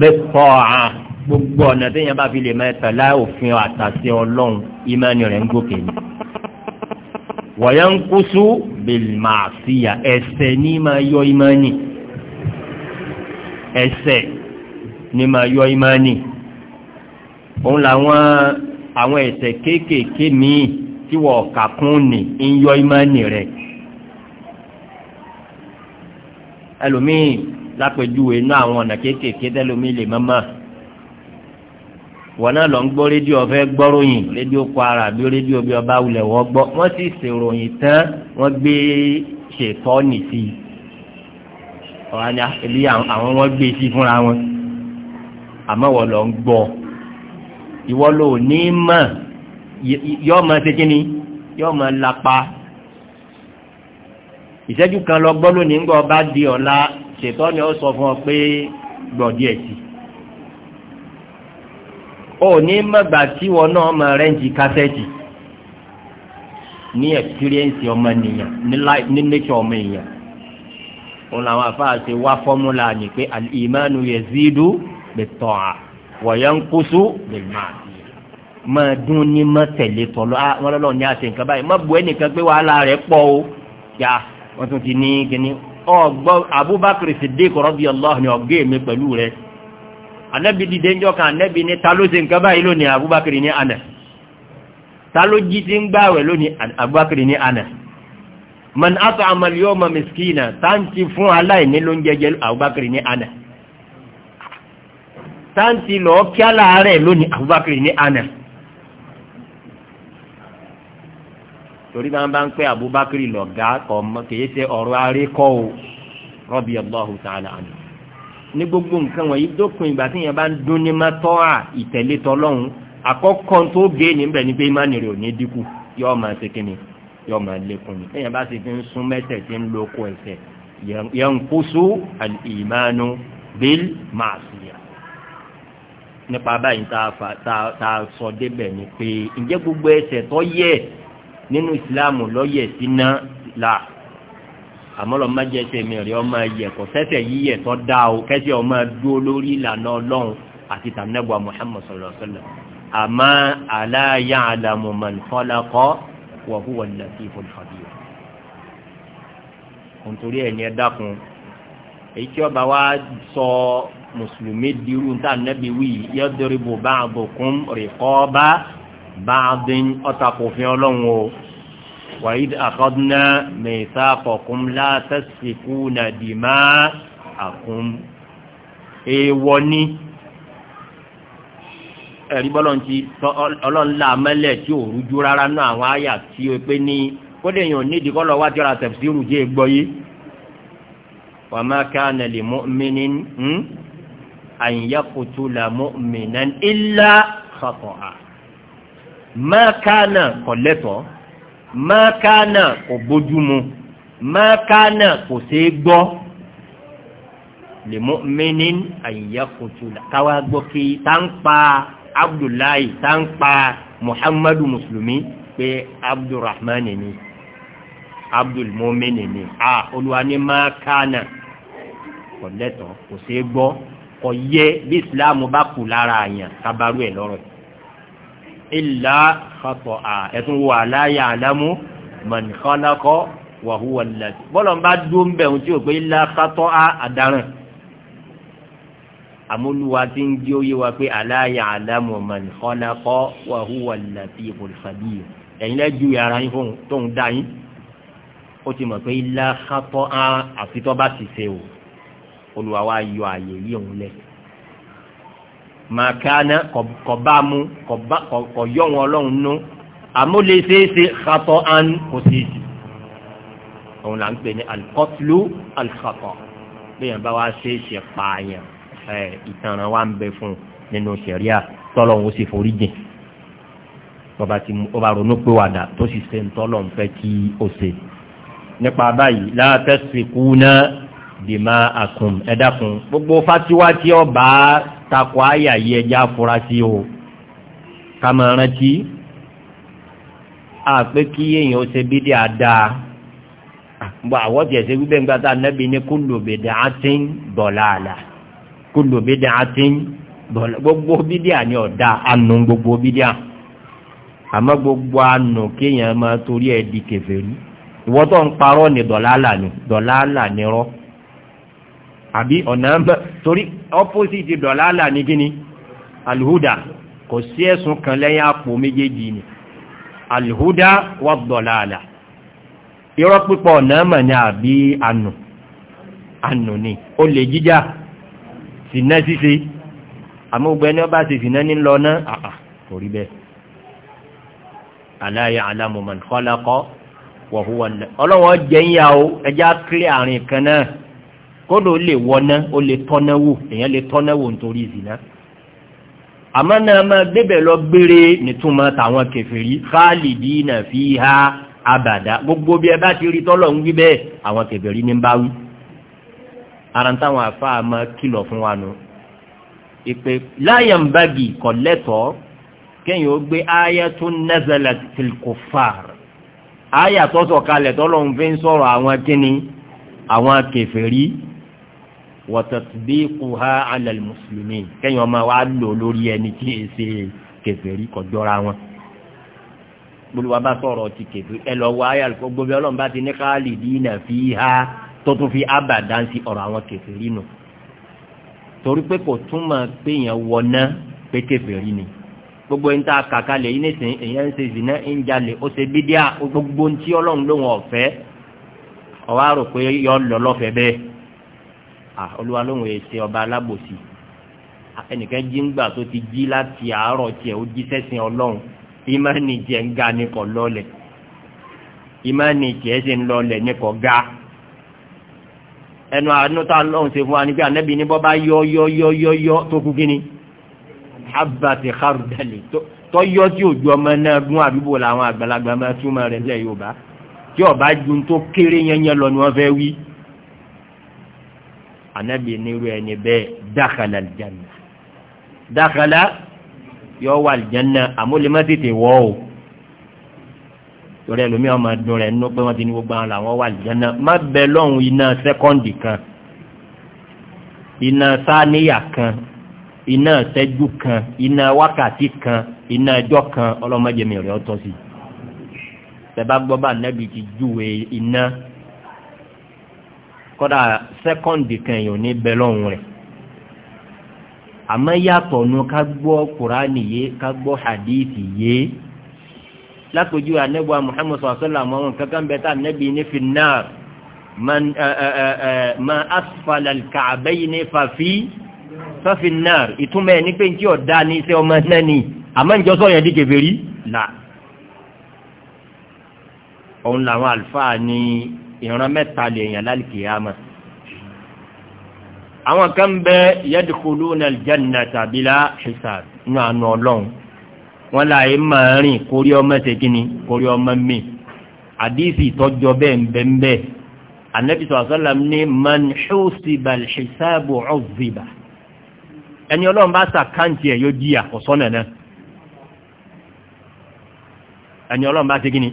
bi tọ́à gbogbo ọ̀nà tí yẹn bá fi lè máa tẹ̀lá òfin àtàsí ọlọ́run ìmánì rẹ̀ ń gòkè ni wọ̀yẹ́ ń kú sú bìlmàṣíyà ẹ̀sẹ̀ ní máa yọ ìmánì ẹ̀sẹ̀ ní máa yọ ìmánì òun làwọn àwọn ẹ̀ṣẹ̀ kéékèèké míì tí wọ́n kà kún ní ń yọ ìmánì rẹ̀ ẹlòmíì lápẹjúwe náà àwọn ọ̀nà kéékèèké tẹlòmíì lè mọ́mọ́ wọn náà lọ ń gbọ́ rédíò ọ̀fẹ́ gbọ́ròyìn rédíò kwara bí rédíò bí ọba wulẹ̀ wọ́n gbọ́ wọ́n sì ṣèròyìn tán wọ́n gbé ṣètọ́ nì ọ̀hánà ilé àwọn wọn gbé sí fúnra wọn àmọ́ wọ́n lọ ń gbọ́ ìwọ ló ní mọ̀ yọ́ mọ̀ ṣe kí ni yọ́ mọ̀ lápá ìṣẹ́jú kan lọ gbọ́ lónìí ńgbọ́ bá di ọ̀la ṣètọ́ ni ó sọ fún ọ pé gbọ́ díẹ̀ sí o ní mọ̀gbà tí wọn náà mọ̀ rẹ́ǹtì kásẹ́ẹ̀tì ní ẹ̀kíríẹ́ǹsì ọmọ ní nature ọmọ òun làwọn afáàṣe wá fọ́múlà ní pé al-imanu yazidu bẹ̀tọ̀ à wọ̀yà ń kóso bẹ̀rẹ̀ máa máa dún ní má tẹ̀lé tọ́lọ́ á wọn lọ́lọ́ ní àṣẹ nǹkan báyìí má bu ẹnìkan pé wàhálà rẹ̀ pọ̀ o yà wọ́n tún ti ní kíní ọgbọ́ Abubakar Siddiq radiyallahu ni ọgbẹ́ mi pẹ̀lú rẹ̀ anabi dìde ń jọka anabi ní ta ló ṣe nǹkan báyìí lónìí Abubakar ní àná ta ló jí ti ń gbààwẹ̀ lónìí Abubakar ní àná man at'ama al-yawma miskina tá ń ti fún aláìní ló ń jẹjẹ Abubakar ní àná táǹtì lọ kí á láàárẹ̀ lónìí Abubakar ní àná torí bá ń bá ń pẹ́ Abubakar lọ̀gá ọmọ kìí ṣe ọ̀rọ̀ arékọ́ o radiyallahu ta'ala anhu ní gbogbo nǹkan wọ̀nyí dókun ìgbà tí yẹn bá ń dún ní mọ́tọ́ à ìtẹ̀lé tọlọ́hún àkọ́kọ́ tó gé níbẹ̀ ni pé ìmánì ò ní dínkù yóò máa ṣe kíni yóò máa lékun ni ẹ̀yìn bá sì fi ń sún mẹ́tẹ̀ sí ń lo oko ẹ̀sẹ̀ yanqusu al-imanu bil ma'siyah nípa báyìí tá a sọ débẹ̀ ni pé ǹjẹ́ gbogbo ẹsẹ̀ tó yẹ nínú ìsìláàmù lọ́yẹ̀ síná là àmọ́ lọ́ọ́ má jẹ́ ẹsẹ̀ mi rí ọmọ ẹyẹ kò sẹ́sẹ̀ yíyẹ tó dá o kẹ́sẹ̀ ọmọ dúró lórí ìlànà ọlọ́run àti tànẹ́bùà Muhammad sallallahu alaihi wasallam àmọ́ ala ya'lamu man khalaqa wa huwa al-latiful nítorí ẹ̀ ní ẹ èyí tí ọba wa sọ mùsùlùmí dirú níta nẹ́bi wí yadribu ba'dukum riqaba ba'din ọ̀tàkùnfin ọlọ́run o wa'id akhadna mithaqakum la tasfikuna dima'akum èèwọ̀ ni ẹ̀rí bọ́lọ̀ ti ọlọ́nla mẹ́lẹ̀ tí ò rújú rárá náà àwọn àyà tí o pé ní kódé èèyàn nídìí kọ́ wá tí ọ̀rọ̀ jẹ́ gbọ́ yé wa ma an yaqtula mu'minan illa khata'a ma kana koleto ma kana kò bojumu ma kana kò ṣe gbọ́ li mu'minin an yaqtula kawa gbọ́ kí tanpa abdullahi tanpa muhammadu muslimi pé abdurrahman ni abdul mu'min ni ah Olúwa ni ma kana koleto kò ṣe gbọ́ kò yẹ bí ìsìláàmù bá kù lára àyàn kábàárù ẹ̀ lọ́rọ̀ ìlà fàtọ̀ à ẹ̀tún wo àláyà àlámú mọ̀nìkọ́lákọ́ wàhúwàlẹ̀ bọ́lọ̀ ń bá dúró ń bẹ̀rù tí ò pé ìlà fàtọ̀ àdáràn àmúlùwà tí ń jí óyé wa pé àláyà àlámú mọ̀nìkọ́lákọ́ wàhúwàlẹ̀ fi ìfòlùfàdì ẹ̀yìn lẹ́jú yàrá yín fóun tóun dá yín ó ti mọ̀ pé ìlà fàtọ̀ àfitọ́ bá ti ṣe o olùwà wa yọ àyè yìí òun lẹ màkàna kọbaamu kọyọ wọn Ọlọ́run nú amúlẹsẹsẹ xatọ an kò sí ìdí òun là ń pè ní alikọtulu alikọtọ bẹ́ẹ̀ bá wa ṣe é ṣe pààyàn ẹ ìtanràn wa ń bẹ fún nínú sẹríà tọlọ ń sì forí jìn bọba ti ọba ronú pé wàdà tó sì ṣe ń tọlọ ń fẹ́ kí o ṣe nípa báyìí látẹsí náà dìmá àkùn ẹ̀dàkùn gbogbo fatiwa tí ó bá takọ àyà yí ẹja afurasí o kàmọ̀rántí àpé kí èèyàn ó ṣe bí dí àdáa bọ́ àwọ̀ tí ẹ̀ṣẹ́ gbígbẹ́ ń gbátá nẹ́bí ní kúlò bèdè átín dọ̀láàlà kúlò bèdè átín dọ̀láàlà gbogbo bídíà ni ọ̀dá anù gbogbo bídíà àmọ́ gbogbo anù kéèyàn máa torí ẹ̀ di kẹfẹ́ rí ìwọ́tọ̀ ń parọ́ ní dọ̀láàlà ni dọ̀láàlà ni rọ́ àbí ọ̀nà mọ́ torí opposite dọ̀làlà ní gíní alhuda kò sí ẹ̀sùn kan lẹ́yìn àpò méjèèjì ni alhuda wà dọ̀làlà irọ́ pípọ̀ ọ̀nà mọ̀ ni àbí ànù ànù ni ó lè jíjà sínà ṣíṣe àmúgbẹ́ ní ọba ṣe sínà ní lọ náà àà kò rí bẹ́ẹ̀ aláyà alámùmọ̀ nìkọ́lákọ́ wọ̀húwọ̀n ọlọ́wọ́ jẹ́ ń ẹjá kílẹ̀ àrìn kan náà kódò ó lè wọná ó lè tọ́ná wò èèyàn lè tọ́ná wò nítorí ìzìnà àmọ́ náà máa gbébẹ̀ lọ gbére nítumọ̀ tàwọn kẹfìrí khalidina fiha abàdá gbogbo bí ẹ bá ti rí tọ́lọ̀ ń wí bẹ́ẹ̀ àwọn kẹfìrí ní bá wí ara ń táwọn àfáà máa kìlọ̀ fún wa nù ìpè láyàmbági kọ̀ lẹ́tọ̀ọ́ kéèyàn ó gbé ayatun nazalat fil kuffar ayatọ́sọ̀kalẹ̀ tọ́lọ̀ ń fi ń sọ̀rọ̀ àwọn kíni àwọn kẹfìrí wọ́tọ̀tìbíkùhá alẹ́ mùsùlùmí kẹ́yìn ọmọ wa lò lórí ẹni tí ì ṣe kẹfẹ́rí kọjọ́ra wọn. gbólúwa bá sọ̀rọ̀ ti kẹfẹ́ ẹ lọ wá ayà lùkọ́ gbóbi ọlọ́run bá ti ní káàlì dínà fi ha tó tún fi ábàdá sí ọ̀rọ̀ àwọn kẹfẹ́rí nù. torí pé kò túmọ̀ pé yẹn wọná pé kẹfẹ́rí ni gbogbo yìí ń ta kàkálẹ̀ yìí nísìnyí èyàn ń ṣe ìsìnà ń jalè ó ṣe olúwa lóhùn èsì ọba alábòsí ẹnìkan jí ń gbà tó ti jí láti àárọ̀ tiẹ̀ ó jí sẹ́sìn ọlọ́run ìmánì tiẹ̀ ń ga ní kọ̀ lọ́lẹ̀ ìmánì tiẹ̀ sì ń lọ́lẹ̀ ní kọ̀ ga ẹnu àánú tá lọ́hùn ṣe fún wa ní pé ànẹ́bí ní bọ́ bá yọ yọ yọ yọ yọ tó kú kí ni harudali tó yọ tí òjò ọmọ náà gún àdúgbò làwọn àgbàlagbà máa túmọ̀ rẹ̀ lẹ́ Yorùbá tí ọba ju tó kéré yẹn yẹn lọ ni wọ́n fẹ́ wí anabi nírú ẹni bẹ́ẹ̀ dákàlà aljanna dákàlà yọ wà aljanna àmúlẹ̀mọ́ tètè wọ́ o torí ẹlòmíì ọmọ ẹdùn rẹ̀ nínú pé wọ́n ti ní gbogbo àwọn làwọn wà aljanna má bẹ lọ́hùn iná sẹ́kọ́ndì kan iná sáníyà kan iná sẹ́jú kan iná wákàtí kan iná ẹjọ́ kan ọlọ́mọdé mi rẹ̀ ọ́ tọ́ sí tẹ bá gbọ́ bá anabi ti júwe iná kọ́dà sẹ́kọ́ǹdì kan èèyàn ní bẹ lọ́hùn rẹ̀ àmọ́ yàtọ̀ nu ká gbọ́ kùránì yé ká gbọ́ hadithi yé lápòjú anábọ̀ muhammed sọ̀sọ́lá àwọn kankan bẹ́ẹ̀ tá anábì ní finnar ma asfala kàbẹ́yìn ní fàfi fàfinnar ìtumọ̀ ẹ̀ ní pé tí ọ̀dá ní iṣẹ́ ọmọ náà ni àmọ́ ìjọ sọ̀rọ̀ yẹn di kẹfẹ́rí là òun làwọn àlùfáà ní ìran mẹ́ta lèèyàn lálìkìyàmà àwọn kan bẹ yadkhuluna aljannata bila hisab nínú àna ọlọ́run wọn láàyè máa rìn kórí ọmọ ṣèkínní kórí ọmọ mi àdìsí ìtọ́jọ bẹ́ẹ̀ ń bẹ́ẹ̀ ń bẹ́ẹ̀ anabi sọ àṣọlám ní man husiba alhisabu uzziba ẹni ọlọ́run bá sàkáǹtì ẹ̀ yóò jí àkọ́sọ́nà náà ẹni ọlọ́run bá ṣèkínní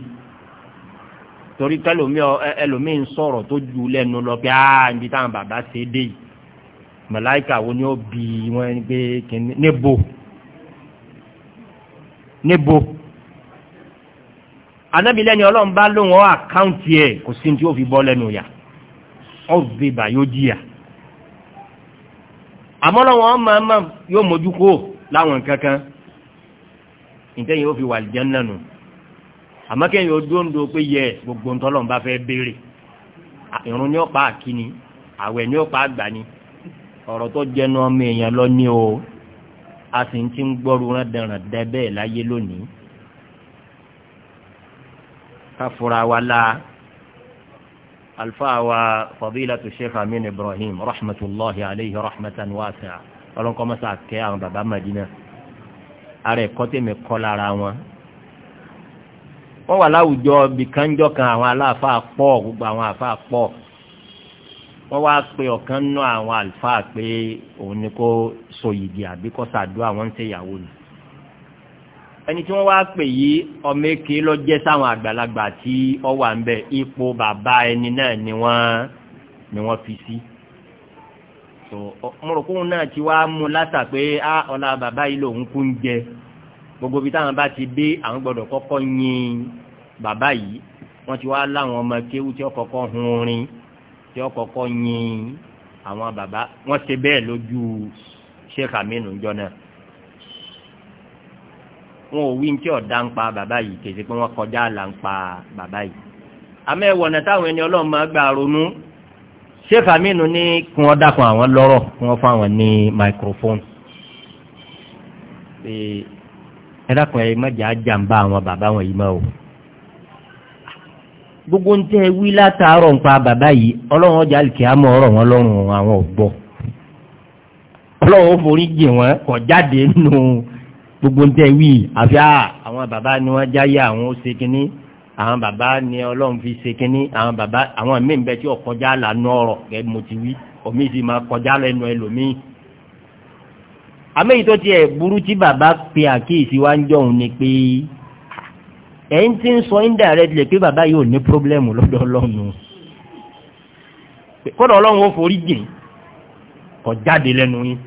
torí kẹlòmí ẹlòmí ń sọ̀rọ̀ tó ju lẹ́nu lọ pé áá níbi táwọn bàbá ṣe dé yìí màláìkà wo ni ó bì wọ́n gbé kìnní níbo níbo anábìlẹ́ni ọlọ́run bá lóun ọ́ àkáǹtì ẹ̀ kò sí tí ó fi bọ́ lẹ́nu yà ọ́ gbé bà yóò jìyà àmọ́ lọ́wọ́ ọ́ máa yóò mójú kó láwọn kankan ìtẹ́yìn ó fi wà lìjẹ́ náà àmọ́ kẹ́yìn odóńdó pé yẹ gbogbo ntọ́lọ́n bá fẹ́ béèrè ìrun ní ọ̀pá àkíní àwẹ̀ ní ọ̀pá àgbà ni ọ̀rọ̀ tó jẹnu ọmọ èèyàn lọ ní o a sì ń ti ń gbọ́rù rẹ́dẹ̀rẹ̀ dẹ́ bẹ́ẹ̀ láyé lónìí káfúra wa la alfaa wa fadilatu sheikh amin ibrahim rahmatulahi alayhi rahmatan wasi'a ọlọ́nkọ́ mọ́sá kẹ́ àwọn baba madina ara ẹ̀kọ́ kọ́ lára wọn wọ́n wà láwùjọ bìkánjọ́ kan àwọn aláàfáà pọ̀ gbogbo àwọn àfáà pọ̀ wọ́n wá pe ọ̀kan nú àwọn àlùfáà pé òun ni kó so yìgì àbí kó sàdúrà wọ́n ń ṣe ìyàwó ni ẹni tí wọ́n wá pè yìí ọmọ èké lọ sáwọn àgbàlagbà tí ọ wà ń bẹ ipò bàbá ẹni náà ni wọ́n ni wọ́n fi sí so mọ̀rọ̀kùnrin náà ti wá mú látà pé ah, ọ̀la bàbá yìí lòun kú ń jẹ gbogbo bí táwọn bá ti dé àwọn gbọ́dọ̀ kọ́kọ́ yin bàbá yìí wọ́n ti wá láwọn ọmọ kéwú tí ó kọ́kọ́ hun orin tí ó kọ́kọ́ yin àwọn bàbá wọ́n ṣe bẹ́ẹ̀ lójú Sheikh Aminu njọ́ náà wọn ò wí ní tí ọ̀dá ń pa bàbá yìí kèsì pé wọ́n kọjá là ń pa bàbá yìí àmọ́ ẹ̀wọ̀n náà táwọn ẹni ọlọ́run gbà ronú Sheikh Aminu ní kí wọ́n dákun àwọn lọ́rọ̀ kí wọ́n fún àwọn ní microphone ẹ̀dàkùn ẹ̀yìn mọ́jà jàǹbá àwọn bàbá wọn yìí máa o gbogbo ń tẹ́ wí látàárọ̀ ń pa bàbá yìí ọlọ́run ọjà àlìkè àmọ́ ọ̀rọ̀ wọn lọ́rùn àwọn ọ̀gbọ́ ọlọ́run forí jì wọ́n kọ̀ jáde nù gbogbo ń tẹ́ wí àfi àwọn bàbá ni wọ́n jáyé àwọn ó ṣe kínní àwọn bàbá ni ọlọ́run fi ṣe kínní àwọn bàbá àwọn míì ń bẹ tí ọ̀kọjá lànà ọ̀rọ̀ gẹ́gẹ́ mo ti wí òmíì sì máa kọjá lẹ́nu ẹlòmíì àmẹ́yìí tó tiẹ̀ burú tí bàbá pe àkíyèsí wá ń jọ̀hún ni pé ẹ̀ ń tí ń sọ indirectly pé bàbá yóò ní pírọ́blẹ́mù lọ́dọ̀ ọlọ́run kódà ọlọ́run ó forí jìn kó jáde lẹ́nu yín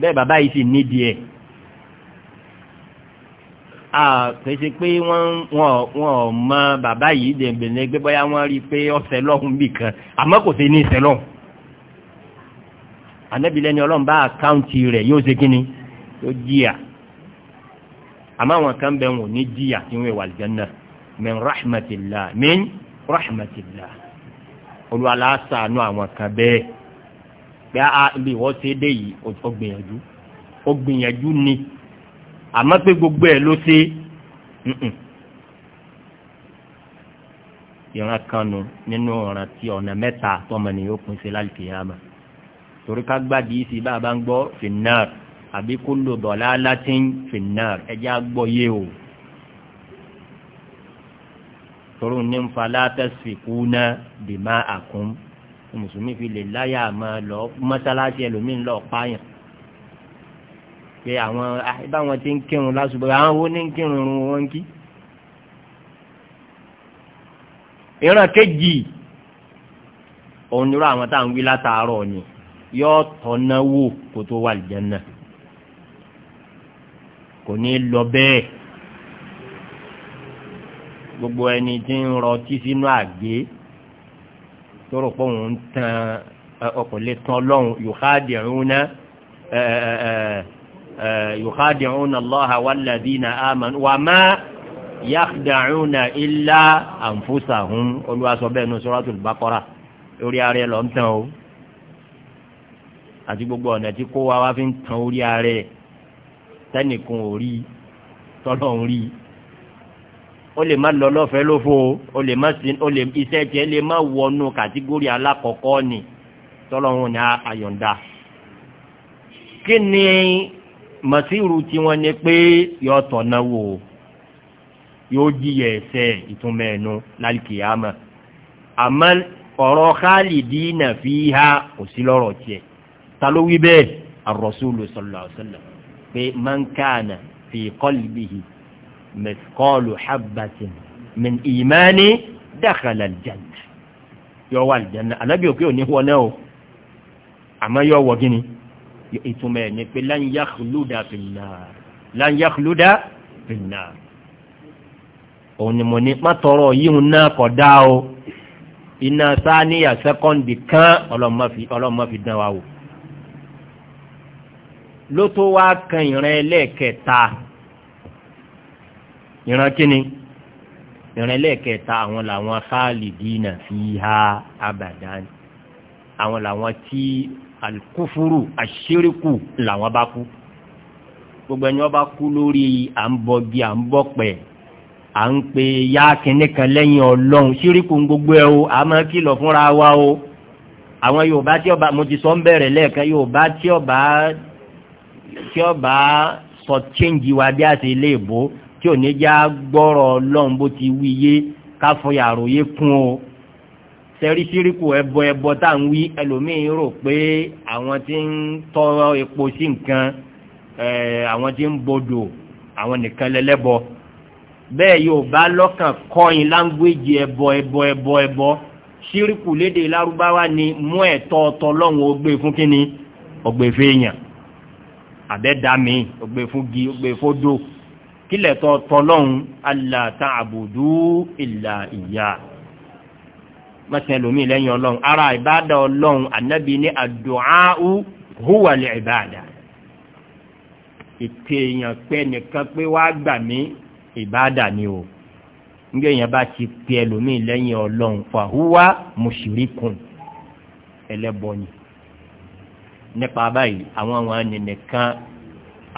bẹ́ẹ̀ bàbá yìí sì nídìí ẹ̀ àpèsè pé wọ́n wọ́n mọ bàbá yìí dẹ̀gbẹ̀lẹ́gbẹ́ bóyá wọ́n rí i pé ọ̀sẹ̀ lọ́hùn bìkan àmọ́ kò sí ní ìsẹ̀ lọ́hùn anábìlẹ́ni ọlọ́run bá àkáǹtì rẹ̀ yóò ṣe kíni yóò jìyà àmọ́ àwọn kan bẹ̀ wọ́n ní jìyà tí wọ́n wà lìjánná min rahmatillah min rahmatillah olùwàlásàánú àwọn kan bẹ́ẹ̀ pé a bí wọ́n ṣe dé yìí ó gbìyànjú ni àmọ́ pé gbogbo ẹ̀ ló ṣe ìran kan nu nínú ọ̀ràn tí ọ̀nà mẹ́ta tọmọ nìyókùn ṣe lálùkìyàmà torí ká gbádìí sí bá a bá ń gbọ́ finnar àbí kúlò dọ̀lá latin finnar ẹjẹ́ àgbọ̀ yé o torí ní ń fa látẹ̀sí kúnà bìmá àkún mùsùlùmí fi lè láyà máa lọ mọ́sálásí ẹlòmíín lọ pààyàn pé àwọn báwọn ti ń kírun lásùbọ̀ àwọn owó ní ń kírun run wọn kí. ìran kejì òun nírú àwọn táwọn wí látàárọ̀ ni yọ tọ́nà wò kó tó wà lìjánà kò ní lọ bẹ́ẹ̀ gbogbo ẹni tí ń rọtí sínú àgé tó rò pé òun ń tan ọkùnrin tán lọ́hùn yukhadi'una yukhadi'una Allaha walladhina amanu wa ma yakhda'una illa anfusahum olùwàsọ bẹ́ẹ̀ ní Suratul Baqara lórí ara ẹ̀ lọ́ntàn o àti gbogbo ọ̀nà tí kó wa wá fi ń tan orí ara ẹ̀ tẹ́nìkan ò rí tọ́lọ̀ ń rí ó lè má lọ lọ́fẹ̀ẹ́ lófo ó lè má sin ó lè iṣẹ́ tiẹ̀ lè má wọnú kàtígórì alákọ̀ọ́kọ́ ni tọ́lọ̀ ń ní àyọ̀ǹda kí ni màsíìrù tiwọn ni pé yọ tọ̀nà wò yóò jìyà ẹ̀ṣẹ̀ ìtumọ̀ ẹ̀nu lálùkìyàmà àmọ́ ọ̀rọ̀ khalidina fiha kò sí lọ́rọ̀ tiẹ̀ ta ló wí bẹ́ẹ̀ arọ́sùlù sọlọ sọlọ pé mankana fi kọ́lìbìhì mẹ́kọ́lù habbatin min ìmánì dàkàlà aljanna yọ wà aljanna alábì òkè òní wọlé o àmọ́ yọ wọ gíní ìtumọ̀ ẹ̀ ní pé láyàkúlúdà fìnnà láyàkúlúdà fìnnà òun ni mo ní má tọrọ yíhun náà kọ̀ dá o iná sáníyà sẹ́kọ́ndì kan ọlọ́mọ fi dán wa wò ló tó wá kan ìran ẹlẹ́ẹ̀kẹta ìran kíni ìran ẹlẹ́ẹ̀kẹta àwọn làwọn khalidina fiha abadan àwọn làwọn tí alukufuru aṣíríkù làwọn bá kú gbogbo ẹni wọn bá kú lórí à ń bọ bí à ń bọ pẹ à ń pe ya kìnnì kan lẹ́yìn ọlọ́run ṣíríkù gbogbo ẹ o àmọ́ kìlọ̀ fúnra wa o àwọn yorùbá tí ọba mo ti sọ ń bẹ̀rẹ̀ lẹ́ẹ̀kan yorùbá tí ọba tí ó bá sọ chéǹjì wa bí a ṣe lè bó tí ò ní já gbọ́rọ̀ ọlọ́run bó ti wí yé ká fọyà kún o sẹ́rí síríkù ẹbọ ẹbọ tá ń wí ẹlòmíín rò pé àwọn tí ń tọrọ epo sí nǹkan àwọn tí ń bodò àwọn nìkan lẹ́lẹ́bọ bẹ́ẹ̀ yóò bá lọ́kàn kọ́yìn láńgbéjì ẹbọ ẹbọ ẹbọ ẹbọ síríkù léde lárúbáwá ni mú ẹ̀tọ́ ọ̀tọ̀ lọ́hùn ó gbé fún kínní ọ̀gbẹ̀fẹ́ yàn àbẹ́dá mi ògbé fún gi ògbé fódò kílẹ̀ tọ́ tọ́lọ́hún alla ta'budu illa iya mọ́sẹ̀ lómi lẹ́yìn ọlọ́run ara ìbáda ọlọ́run ànábì ní àdùáhù huwa li ìbáda ètè èèyàn pé nìkan pé wá gbà mí ìbáda ni o nígbà èèyàn bá ti pe ẹlòmíì lẹ́yìn ọlọ́run fàhùwà mushrikun ẹlẹ́bọ ni nípa báyìí àwọn wọn ni nìkan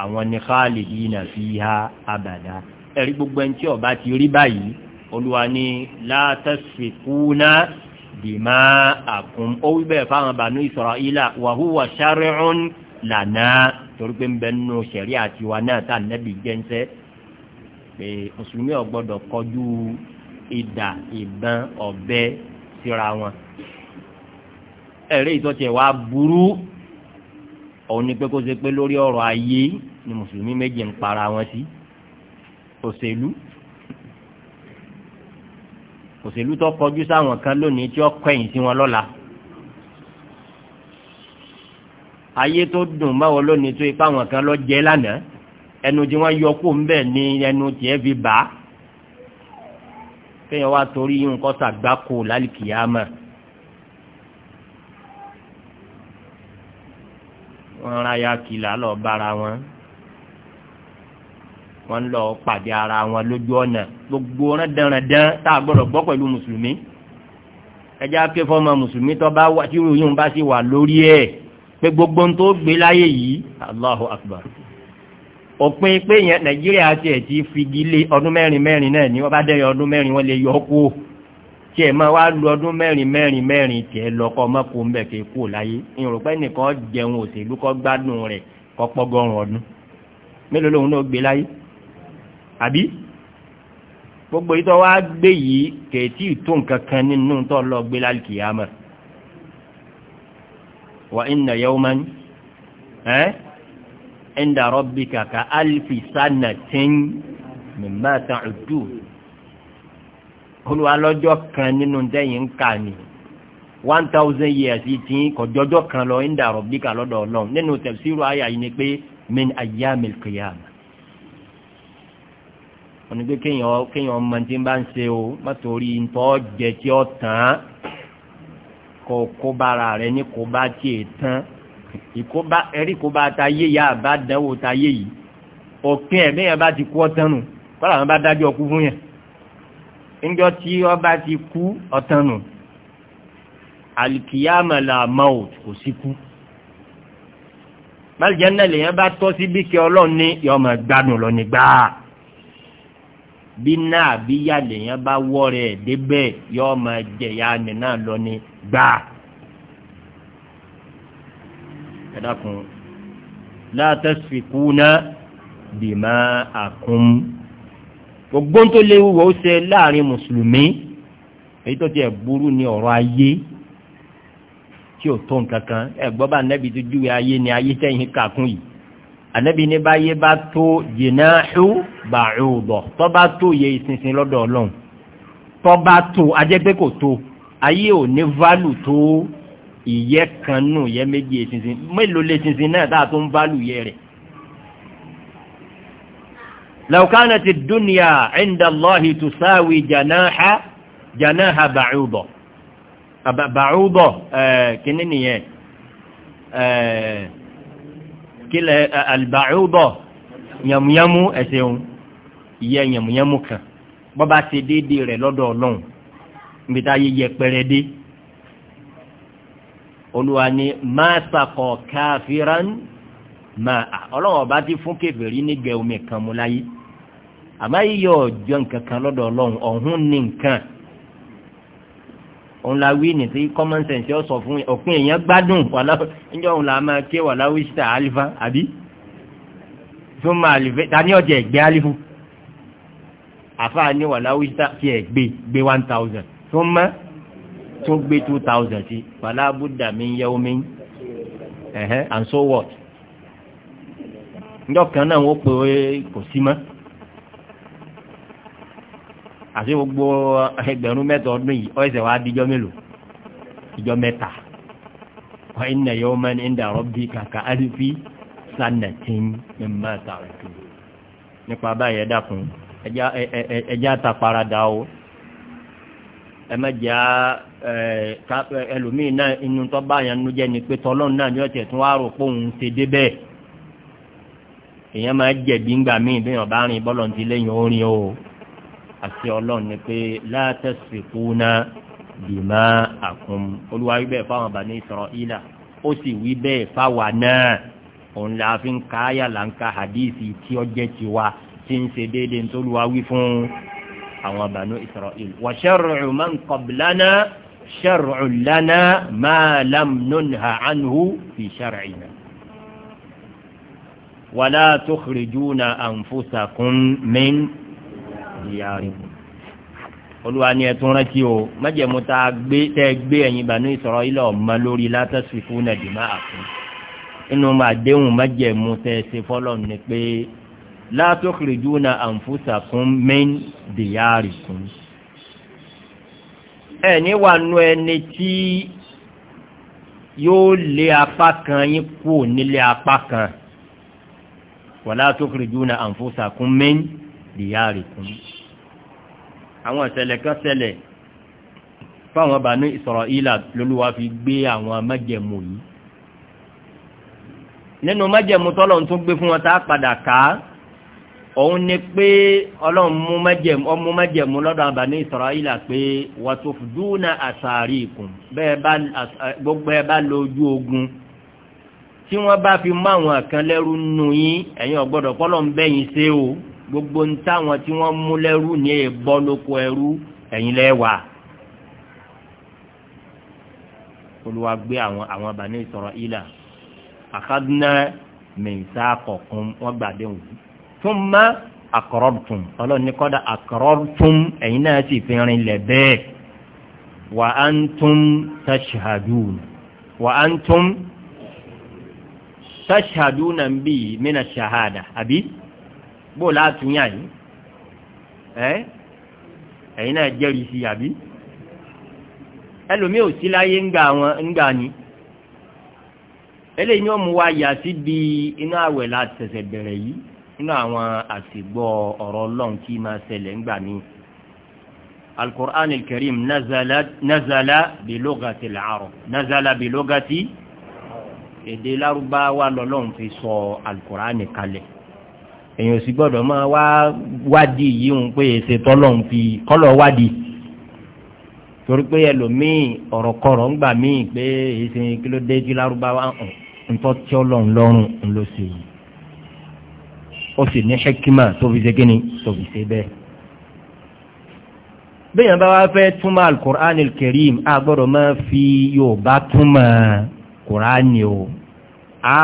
àwọn ni khalidina fiha abada ẹ̀rí gbogbo ẹni tí ọba ti rí báyìí olúwa ni la tasfikuna dima'akum ó wí bẹ́ẹ̀ fáwọn bànú Isra'ila wa huwa shar'un lànà torí pé ń bẹ nínú ṣẹ̀rí àti wa náà tá nẹ́bí jẹ́ńsẹ́ pé mùsùlùmí ò kọjú ìdà ìbọn ọ̀bẹ síra wọn ẹ̀rí ìtọ́tẹ̀ wa burú òun ni pé kó ṣe pé lórí ọ̀rọ̀ ayé ni mùsùlùmí méjì ń para wọn sí òṣèlú òṣèlú tó kọjú sáwọn kan lónìí tí ó kọ̀yìn sí wọn lọ́la ayé tó dùn báwọn lónìí tó ipá àwọn kan lọ jẹ lánàá ẹnu tí wọn yọ kó ńbẹ ní ẹnu tiẹ fi bá kéèyàn wá torí yín kọ́ sàgbákò lálìkìyàmà. wọ́n ráyà kìlà lọ bára wọn wọ́n lọ pàdé ara wọn lójú ọ̀nà gbogbo rẹ́dẹ̀rẹ̀dẹ́ tá a gbọ́dọ̀ gbọ́ pẹ̀lú mùsùlùmí ẹjá ké fọ́mọ mùsùlùmí tó bá wà tí ròyìn bá sì wà lórí ẹ̀ pé gbogbo tó gbé láyé yìí Allahu Akbar òpin pé yẹn Nàìjíríà ti ẹ̀ ti figi lé ọdún mẹ́rin mẹ́rin náà ni wọ́n bá dẹ́yẹ ọdún mẹ́rin wọ́n lè yọ ọ́ kúrò tí ẹ̀ máa wá lu ọdún mẹ́rin mẹ́rin mẹ́rin tí ẹ lọ́kọ́ mọ́kò ń bẹ̀ kí kú láyé ìrùpẹ́ nìkan jẹun òṣèlú kọ́ gbádùn rẹ̀ kọ́ pọ́gọ́rùn ọdún mélòó lòun náà gbé láyé àbí gbogbo ìtọ́ wá gbé yìí kèétí tó nǹkan kan nínú tó lọ gbé láyé kìyàmà wà ìnà yawman ẹ́ inda rabbika ka alfi sanatin mimma ta'uddu olùwà lọ́jọ́ kan nínú tẹ́yìn ń kà one thousand years ti ń kọjọ́jọ́ kan lọ ń dàrọ̀ bí kà lọ́dọ̀ ọlọ́run nínú tafsiru àyà yìí ni pé min ayyamil qiyama wọ́n gbé kéèyàn kéèyàn ọmọ tí ń bá ń ṣe o má torí ntọ́ jẹ tí ó tán kó kó bára rẹ ní kó bá tiẹ̀ tán ìkóbá ẹ̀rí kóbá ta yé ya àbá dánwò ta yé yìí òpin ẹ̀mí yẹn bá ti kú ọ́ tán nù kọ́lá wọn bá dájọ́ ọkú fún yẹn níjọ́ tí ọba ti kú ọ̀tánù alikiyamala maut kò sí kú bálìjẹ́nà lèyàn bá tọ́ sí bí kí ọlọ́run ní yọmọ gbádùn lọ ní gbáà bí náà bí yá lèyàn bá wọ́ rẹ̀ débẹ̀ yọmọ jẹ̀yà nínà lọ ní gbáà. ẹ dákun látàsíkú náà bìmá àkún gbogbo tó léwu wò ó ṣe láàrin mùsùlùmí èyí tó ti ẹ̀ burú ni ọ̀rọ̀ ayé tí ò tó nǹkan kan ẹ gbọ́ bá nẹ́bi tó júwe ayé ni ayé sẹ́yìn kàkún yìí ànẹ́bi ní báyé bá tó jìnnáhù bàrúbọ̀ tó bá tó yẹ ìsinsin lọ́dọ̀ ọlọ́run tó bá tó ajẹ́ pé kò tó ayé ò ní válù tó ìyẹ́ kan nù yẹ méjì ìsinsin mélòó lè sinsin náà tá a tó ń válù yẹ rẹ̀ لو كانت الدنيا عند الله تساوي جناح جناح بعوضة بعوضة كنني كلا البعوضة يم يم أسيون يا يم يم كان bọ́bá ti dédé rẹ̀ lọ́dọ̀ ọlọ́run níbi tá yẹ yẹpẹrẹ dé olùwà ni máa sàkọ̀ káfíran máa ọlọ́run ọba ti fún kèfèrí nígbẹ̀ omi kan mú láyé àmọ́ yíyọ ọjọ́ nǹkan kan lọ́dọ̀ ọlọ́run ọ̀hún ní nǹkan òun la wí nìtí common sense yọ sọ fún òpin èèyàn gbádùn wàláwí níjọ́ òun la máa ké wàláwí síta àlìfá àbí tó máa lè fẹ́ ta ní ọjà ẹ̀gbẹ́ àlìfú àfáà ní wàláwí síta fi ẹ̀gbẹ́ gbé one thousand tó mọ́ tó gbé two thousand sí wàlábùdà mi yẹ omi ẹ̀hẹ́ and so what njọ́ kan náà wọ́n pè é kò sí mọ́ àti gbogbo ẹgbẹ̀rún mẹ́ta ọdún yìí ọ ẹsẹ̀ wá díjọ́ mélòó ìjọ mẹ́ta wa inna yawman inda rabbika ka alfi sanatin mimma ta'udun nípa báyìí ẹ dákun ẹjá taparada o ẹ mẹ́jà ẹlòmíì náà inú tó báyà ń jẹ́ ni pé tọ́lọ́n náà ni ó tẹ̀ tún wá rò pé òun ṣe dé bẹ́ẹ̀ èèyàn máa jẹ̀bi ńgbà míì bí wọ́n bá rìn bọ́lọ̀ ní ti lẹ́yìn orin o àti ọlọ́run ni pé látẹ̀sìkúná bìmá àkùn olúwa wí bẹ́ẹ̀ fáwọn bàní Ísírẹ́lì ó sì wí bẹ́ẹ̀ fáwa náà òun là fi ń ka àyà là ń ka hadisi tí ó jẹ́ tiwa tí ń ṣe déédéé tó olúwa wí fún àwọn bàní Ísírẹ́lì wa shar'u man qablana shar'u lana ma lam nunha anhu fi shar'ina wala tukhrijuna anfusakum min diyari olúwa ni ẹtún rántí o májẹ̀mú tá a gbé tẹ gbé ẹ̀yin Banu Israila ọmọ lórí latasfifuna dima'akum inú àdéhùn májẹ̀mú tẹ ṣe fọlọ ni pé la tukhrijuna anfusakum min diyarikum ẹni wà nú ẹni tí yóò lé apá kan yín kú nílé apá kan wala tukhrijuna anfusakum min dìyàrìkùn àwọn ìṣẹ̀lẹ̀ kan ṣẹlẹ̀ fáwọn Banu Isra'ila lólúwa fi gbé àwọn májẹ̀mú yìí nínú májẹ̀mú tọ́lọ̀ tún gbé fún wọn tá a padà ká òun ni pé ọlọ́run mú májẹ̀mú ọmú májẹ̀mú lọ́dọ̀ àwọn Banu Isra'ila pé watufduna asarikum bẹ́ẹ̀ bá gbogbo ẹ bá lójú ogun tí wọ́n bá fi mú àwọn kan nù yín ẹ̀yin ò kọ́lọ́ gbogbo ń táwọn tí wọ́n mú lẹ́rú ní èèbọ́ lóko ẹrú ẹ̀yìn lẹ́wà. olùwà gbé àwọn àwọn Bani Israila àkádúná mẹ̀nsá kọ̀ọ̀kan wọ́n gbàdé wù. fún ma àkọ́rọ́tùm ọlọ́run ní kọ́dà àkọ́rọ́tùm ẹ̀yìn náà sì fi rin lẹ̀ bẹ́ẹ̀ wà á ń tún tashhadun wà á ń tún tashhadun náà ń bì mí na ṣahada àbí bó láti yàn yìí ẹ́ ẹ̀yin náà jẹ́rìí sí àbí ẹlòmíì ò sí láyé ńgbà wọn ńgbà ni eléyìí ni ó mú wa yà sí bí inú àwẹ̀ la ṣẹ̀ṣẹ̀ bẹ̀rẹ̀ yìí inú àwọn àsìgbọ́ ọ̀rọ̀ ọlọ́run tí máa ṣẹlẹ̀ ńgbà ni alukur'an alkarim nazala bilogati laaro nazala bilogati èdè lárúbáwá lọ́lọ́run fi sọ alukur'an kalẹ̀ èyàn sì gbọ́dọ̀ máa wá wádìí yìí ń pé èsè tọ́lọ̀ ń fi kọ́lọ̀ wádìí torí pé ẹlòmíì ọ̀rọ̀ kọ̀rọ̀ ń gbà míì pé èsè kí ló dé tí lárúbáwá ń tọ́ tí ọlọ́run lọ́rùn ń lọ sí i ó sì ní ṣẹ́kímà tó fi ṣe kíni tó fi ṣe bẹ́ẹ̀. bẹ́ẹ̀ bá wá fẹ́ túmọ̀ alukur'an kẹrìm a máa fi yorùbá túmọ̀ kur'an o a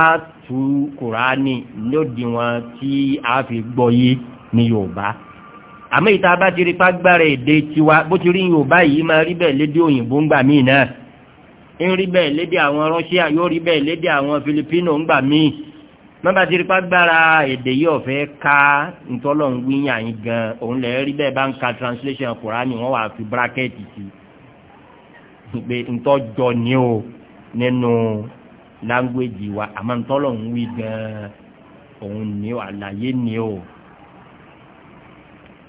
tu tú kùránì lódiwọ̀n tí a fi gbọ́ yé ní yorùbá àmọ́ ìta bá ti rí pàgbára èdè tiwa bó ti rí yorùbá yìí máa rí bẹ́ẹ̀ lédè òyìnbó ń gbà míì náà ń rí bẹ́ẹ̀ lédè àwọn russia yóò rí bẹ́ẹ̀ lédè àwọn filipino ń gbà míì mọ́bà ti rí pàgbára èdè yìí ọ̀fẹ́ ká ntọ́lọ́hún wíyàn yín gan òun lẹ̀ rí bẹ́ẹ̀ bá ń ka translation kùránì wọ́n wà fi bírákẹ́ẹ̀tì sí i pé ntọ́jọ ni o nínú láńgbéjì wa a ntọ́lọ̀ ń wí gan-an òun ní àlàyé ni o.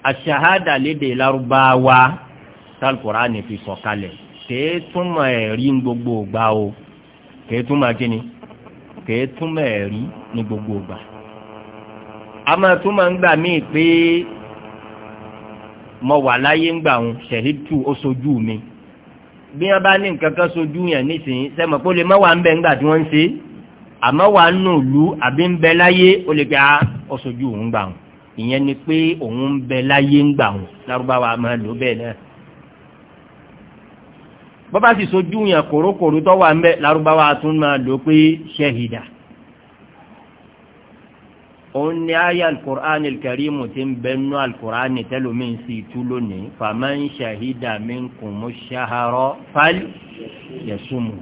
àṣàhádà lédè lárúbáwá sálùkùrá ni fi sọ̀kalẹ̀ kèé túmọ̀ ẹ̀rí ní gbogbo ògbà o kèé túmọ̀ kíni kèé túmọ̀ ẹ̀rí ní gbogbo ògbà. àmọ́ túmọ̀ ń gbà míì pé mo wà láyé ń gbà ń ṣẹ̀hídù ó sojú mi bí wọn bá ní nǹkan kan sojú yàn nísìnyí sẹ́mọ̀ pé ó lè má wà ń bẹ̀ ńgbà tí wọ́n ń ṣe àmọ́ wà ń nù lú àbí ń bẹ láyé ó lè gbà ah, ó sojú òun gbà wọn ìyẹn ni pé òun ń bẹ láyé ń gbà wọn lárúbáwá máa lò bẹ́ẹ̀ náà bọ́bá sì sojú yàn kòrókòró tó wà ń bẹ lárúbáwá tún máa lò pé ṣẹ́hìdà òun ni ayé alukur'an karimu ti ń bẹ nú alukur'an tẹlomi sí tu lónìí faman shahida minkum ash-shahra fal yasumu.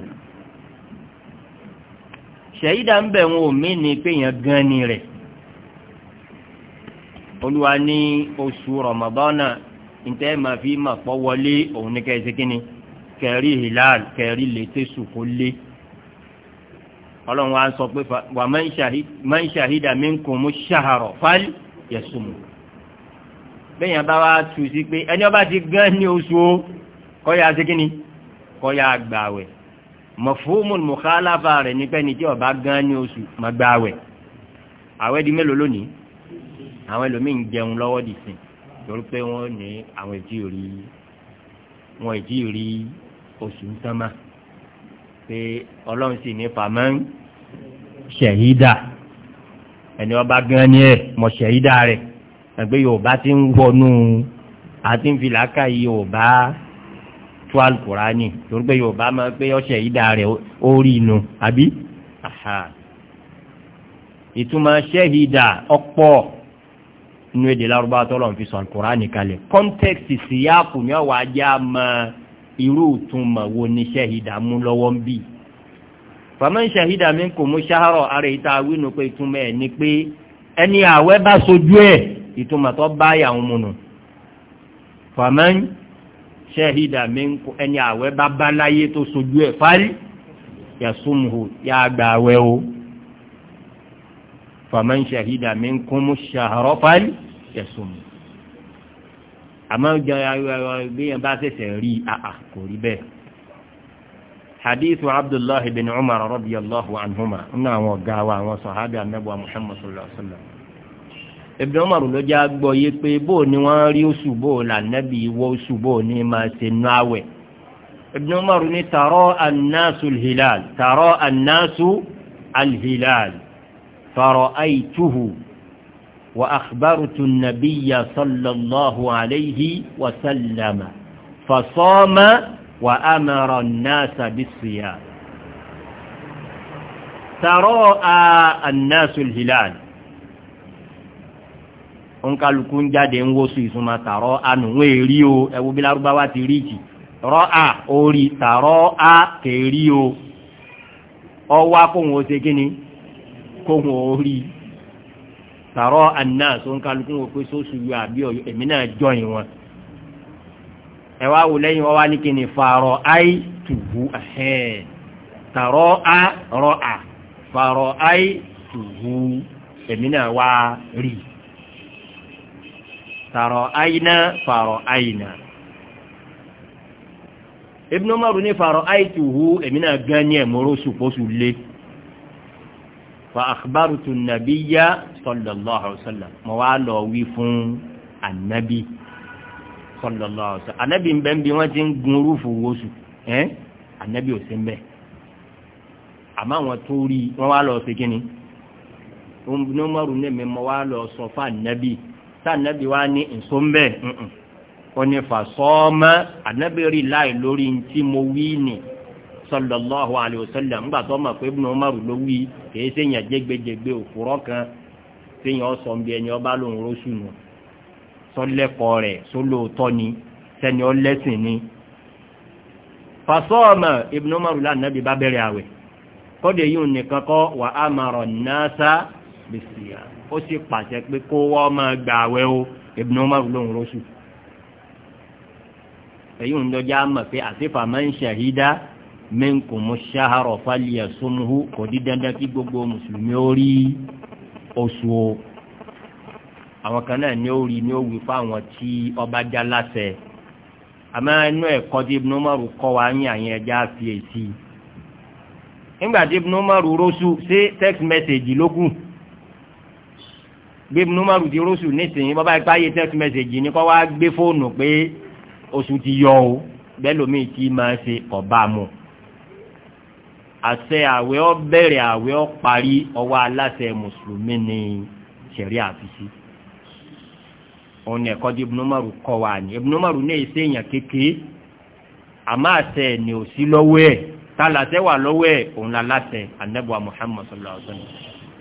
shahida ń bẹ̀ ń wò mí ni pé yẹn gan ni rẹ̀ olúwa ní oṣù rọmọbọ́nà ntẹ́ ma fi ma pọ́ wọlé òun ni kẹ́sìkínni kẹ́rì hilal kẹ́rì létésù kó ọlọ́run wa sọ pé wà máa ń ṣàhídà mí ń kùn mú ṣàhàrọ̀ fáìlì yẹ̀sùn bẹ́yìn bá wá tù sí pé ẹni ọba ti gán ní oṣù o kọ́yà sí kíni kọ́yà gbàwẹ̀ mọ̀fúnmùn mùkálàfà rẹ̀ ní pẹ́ni tí ọba gán ní oṣù mọ̀ gbàwẹ̀ àwẹ̀ di mélòó lónìí àwọn ẹlòmíín jẹun lọ́wọ́ dì sí torí pé wọ́n ní àwọn ìjì rí oṣù ń tán máa pé ọlọ́run sì ní fàmọ́ ń ṣẹ̀yídà ẹni ọba gan ni ẹ mọ̀ ṣẹ̀yídà rẹ̀ ẹgbẹ́ yorùbá ti ń wọnú àti ń fi làákàyè yorùbá tó alukurani torí pé yorùbá máa pé ọṣẹ yìí dáa rẹ ó rí inú àbí ìtumọ̀ ṣẹ́hìdà ọ̀pọ̀ inú èdè lárúbá tọ́lọ̀ ń fi sọ alukurani kalẹ̀ kọ́ńtẹ́kìtì síyáàpù ni ọ̀wá ajá máa irú ìtumọ̀ wo ni ṣẹ́hìdà mú lọ́wọ́ ń bì fàmán ṣẹ́hìdà mi kò mú ṣáárọ̀ ara ìta wínú pé ìtumọ̀ ẹ̀ ni pé ẹni àwẹ́ bá sojú ẹ̀ ìtumọ̀ tó bá yàwó múnu fàmán ṣẹ́hìdà mi kò ẹni àwẹ́ bá bá láyé tó sojú ẹ̀ fárí yasumuhu ya gba àwẹ́ o fàmán ṣẹ́hìdà mi kò mú ṣáárọ̀ fárí yasumuhu àmọ́ gbéyàn bá ṣẹ̀ṣẹ̀ rí àà kò rí bẹ́ẹ̀ hadithu abdullahi bin umar radiyallahu anhuma nínú àwọn ọ̀gá wa àwọn sọ̀hábì anábọ̀ muhammad sallallahu alaihi wasallam ibn umar ló já gbọ́ yé pé bóò ni wọ́n rí oṣù bóò là nábì wọ́ oṣù bóò ní máa ṣe nú àwẹ̀ ibn umar ní tàrọ́ annásu alhilal tàrọ́ annásu alhilal fàrọ̀ àìtúhù وأخبرت النبي صلى الله عليه وسلم فصام وأمر الناس بالصيام تراءى الناس الهلال ń kálukú ń jáde ń wóṣù ìsúnmọ́ tààrọ́ ànúwé rí o ẹwú bí lárúbáwá ti rí jì rọ́ à orí tààrọ́ à kèrí o ọwá kóhun ó ṣe kíni kóhun ó rí i tààrọ àná tó ń kálukú wọn pé sóṣù yọ àbí ọyọ èmi náà jọyìn wọn ẹ wá wò lẹ́yìn wọn wá ní kíni fàárọ áì tùbú tààrọ á rọ à fàárọ áì tùbú èmi náà wá rí tààrọ àyìnà fàárọ àyìnà Ibn Umar ní fàárọ áì tùbú èmi náà gán ní ẹ̀mọ́rọ́sù pósù lé fa akhbarutu nabiyya sallallahu alaihi wasallam mo wá lọ wí fún anabi sallallahu alaihi wasallam anabi ń bẹ́ẹ̀ bí wọ́n ti ń gun rúfù wosù ẹ́ anabi ò sí ń bẹ́ẹ̀ àmọ́ àwọn tó rí wọ́n wá lọ sí kínní ní umaru ní mi mo wá lọ sọ fún anabi tá anabi wá ní nsọ́nbẹ́ẹ̀ ó ní fa sọ́ọ́mọ́ anabi rí láì lórí ntí mo wí ni sallallahu alayhi wa sallam ńgbà tó mọ̀ pé ibùnà Umaru ló wí kìí sèyàn jégbéjégbé òkúrọ́ kan sèyàn ọ̀sọ̀ ń bí ẹni ọba lòun rọ́ṣù nù sọlẹ́kọ̀ọ́ rẹ̀ sólóòtọ́ ni sẹ́ni ọlẹ́sìn ni fasọ́ọ̀mà ibn Umar lánàbí bá bẹ̀rẹ̀ àwẹ̀ kọ́dẹ̀ yíò nìkan kọ́ wà á mọ̀rọ̀ náàsá bèsìyà ó sì pàṣẹ pé kó wọ́n máa gbà àwẹ̀ o ibn Umar lóhun rọ́ṣù èyí ń lọ́jà mọ̀ pé àti fàmà ń ṣàhídá mẹ́ńkù mọ́ṣáhárọ̀ fálíyà sómúhú kò dí dandan kí gbogbo mùsùlùmí ó rí oṣù o àwọn kan náà ní ó rí ní ó wí fún àwọn tí ọba já láṣẹ àmọ́ inú ẹ̀kọ́ tí Ibn Umar kọ́ wa ń yàn yẹn fi èsì nígbà tí Ibn Umar róṣù text message lókù gbé Ibn Umar ti róṣù nísìnyí bọ́bá ipá yé text message ní kọ́ wá gbé fóònù pé oṣù ti yọ o bẹ́ẹ̀ lómi ti máa ṣe ọ̀bá mu àṣẹ àwẹ̀ ọ bẹ̀rẹ̀ àwẹ̀ ọ parí ọwọ́ aláṣẹ mùsùlùmí ni ṣẹ̀rí àfisí òun ni ẹ̀kọ́ di Ibn Umar kọ́ wa ní Ibn Umar ní èsì èèyàn kékeré àmọ́ àṣẹ ni ò sí lọ́wọ́ ẹ̀ tá láṣẹ wà lọ́wọ́ ẹ̀ òun la láṣẹ anábùwà Muhammad sallallahu alaihi wa sallam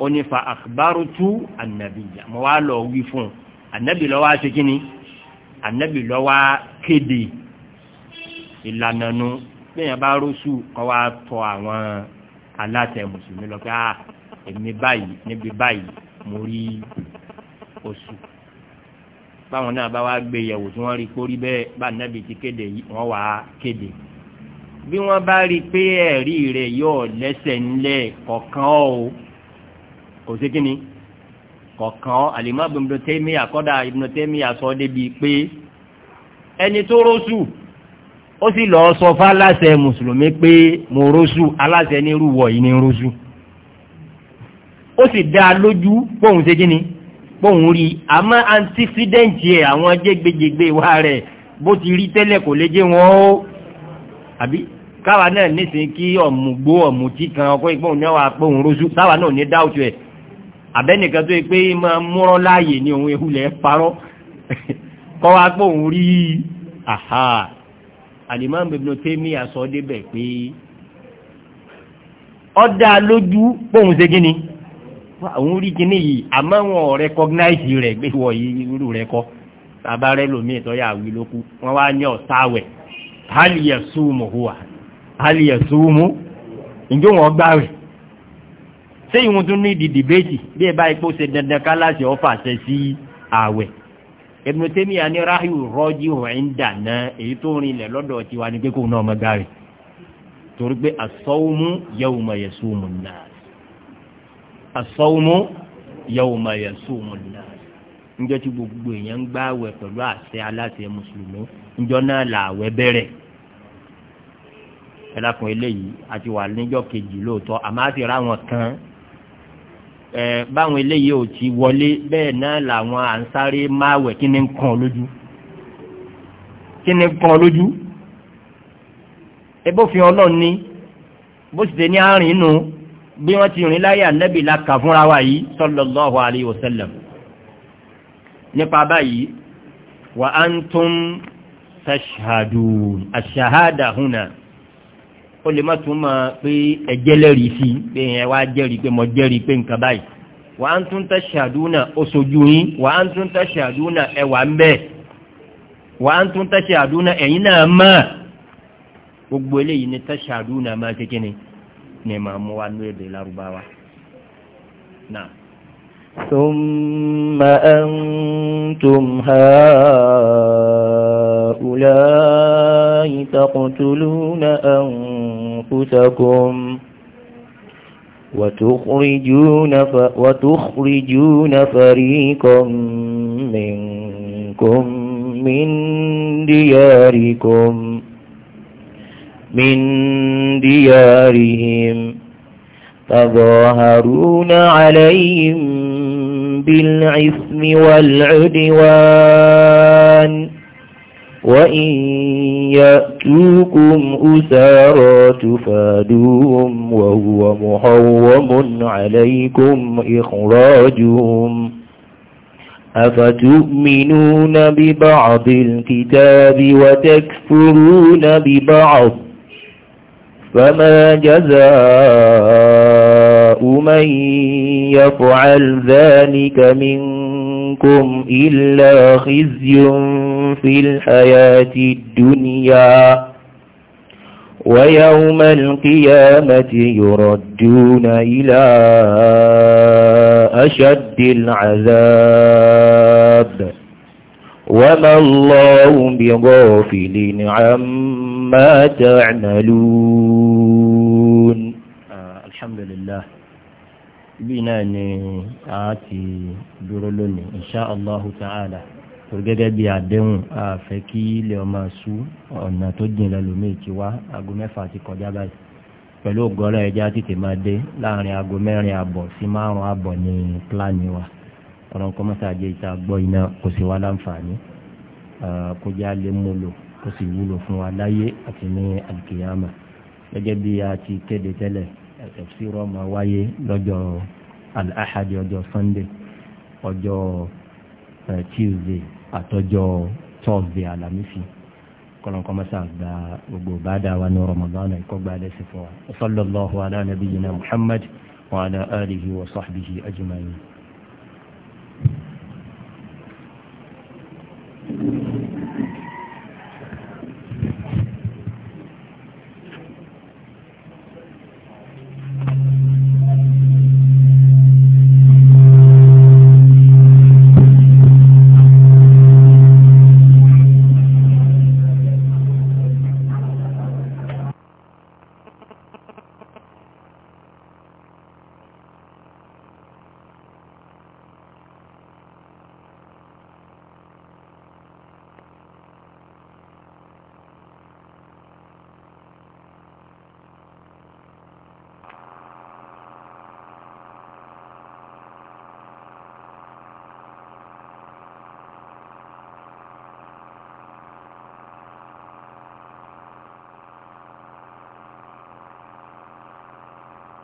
ó ní fa akhbarutu annabiya mo wá lọ wí fún un annabi lọ́wọ́ á ṣe kí ni annabi lọ́wọ́ á kéde ìlànà nu bẹ́ẹ̀ bá rọ́ṣù kọ́ wa tọ àwọn aláṣẹ mùsùlùmí lọ pé a ah, èmi báyìí níbi báyìí mo rí oṣù báwọn náà bá wá gbé yẹ̀wò tí wọ́n rí kórí bẹ́ẹ̀ bá nábì ti kéde wọ́n wá kéde bí wọ́n bá rí pé ẹ̀rí rẹ̀ yóò lẹ́sẹ̀ ńlẹ̀ kọ̀ọ̀kan o kò sí kínní kọ̀ọ̀kan alimọ́ ibùdó tẹ́mí àkọ́dà ibùdó tẹ́mí àsọ pé ẹni tó rọ́ṣù ó sì lọ sọ fáláṣẹ mùsùlùmí pé mo róṣù aláṣẹ nírú wọ̀ yìí ní róṣù ó sì dá lójú póun ṣe kí ni póun rí àmọ́ antifidẹ́ǹtì ẹ̀ àwọn jẹ́gbẹ́jẹgbẹ́ wa rẹ̀ bó ti rí tẹ́lẹ̀ kò lè jẹ́ wọn ó àbí káwa náà nísìnyí kí ọ̀mùgbó ọ̀mùtí kan ọkọ̀ ìpóhùn náà wà póun róṣù táwa náà ní dáùtù ẹ̀ àbẹ́nìkan tó yẹ pé máa múrọ́ láàyè ní òun ehulẹ̀ parọ́ [laughs] kọ́ wa pé òun rí àhà alimam ibn taymiya sọ débẹ̀ pé ọ̀dà lójú pòun ṣe gíní àwọn orí gíní yìí àmọ́ wọn ò recognize rẹ̀ gbé wọ̀nyí irú rẹ̀ kọ́ bàbá rẹ̀ lómi ìtọ́yà àwí lókù wọ́n wá ní ọ̀sáwẹ̀ hal yasumu huwa hal yasumu ìjọ wọn gbá rẹ̀ ṣé ìwọ̀n tún ní di dìbéètì bí ẹ bá ipò ṣe dandan ká láṣẹ ọ́fà ṣe sí ààwẹ̀. Ibn Taymiyyah ní ráyù rọ́jí òun dànà èyí tó rinlẹ̀ lọ́dọ̀ tiwa ní kékòó náà mọ́gárì torí pé as-sawmu yawma yasumu an-nas níjọ́ tí gbogbo èèyàn ń gbààwẹ̀ pẹ̀lú àṣẹ aláṣẹ mùsùlùmí níjọ́ náà làwẹ̀ bẹ̀rẹ̀ ẹ̀dàkùn eléyìí àti wà níjọ́ kejì lóòótọ́ àmọ́ kan báwọn eléyìí ò ti wọlé bẹ́ẹ̀ náà làwọn à ń sáré máwẹ̀ kí ni ń kàn lójú kí ni ń kàn lójú ebófin ọlọ́run ní bó sì ṣe ní àárín inú bí wọ́n ti rìn láyé ànẹ́bì la kà fúnra wa yìí sallallahu alayhi wa nípa báyìí wa antum tashhadun ash-shahada huna ó lè má tún máa pé ẹjẹ́ lẹ́rìí sí i pé ẹ wá jẹ́rìí pé mo jẹ́rìí pé nǹkan báyìí wà á tún tẹ̀ ṣàdúnà ó sojú yín wà á tún tẹ̀ ṣàdúnà ẹ wà ń bẹ̀ wà á tún tẹ̀ ṣàdúnà ẹ̀yin náà mọ̀ gbogbo eléyìí ni tẹ̀ ṣàdúnà máa kékeré ni màá mú wa nú èdè lárúbáwá náà. ثم أنتم هؤلاء تقتلون أنفسكم وتخرجون, ف... وتخرجون فريقا منكم من دياركم من ديارهم تظاهرون عليهم بالعثم والعدوان وإن يأتوكم أسارا تفادوهم وهو محرم عليكم إخراجهم أفتؤمنون ببعض الكتاب وتكفرون ببعض فما جزاء من يفعل ذلك منكم إلا خزي في الحياة الدنيا ويوم القيامة يردون إلى أشد العذاب وما الله بغافل عما تعملون آه الحمد لله bí náà ni a ti dúró lónìí insha allahu ta'ala tó gẹ́gẹ́ bí àdéhùn a fẹ́ kí ilẹ̀ ọmọ sú ọ̀nà tó jìn lẹ́lòmíì ti wá aago mẹ́fà ti kọjá báyìí pẹ̀lú ògọ́rọ̀ ẹja tètè máa dé láàrin aago mẹ́rin àbọ̀ sí márùn-ún àbọ̀ ní pílánì wa ọ̀rọ̀ kọ́mọ́sá jẹ́ ìta gbọ́ iná kò sí wa láǹfààní kó já lè mú lò kó sì wúlò fún wa láyé àti ní àlùkìyàmà gẹ́gẹ́ bí a ti kéde tẹ́lẹ̀ tafsirọ́ máa wáyé lọ́jọ́ al-ahadi ọjọ́ sunday ọjọ́ eh, tuesday àtọ́jọ́ thursday alamisi kọlọ́nkọ́ mọ́sá gba gbogbo bàdà wa ní ramadan ẹ̀kọ́ gba alẹ́ sí fún wa sallallahu ala nabiyyina muhammad wa ala alihi wa sahbihi ajma'in. Thank you.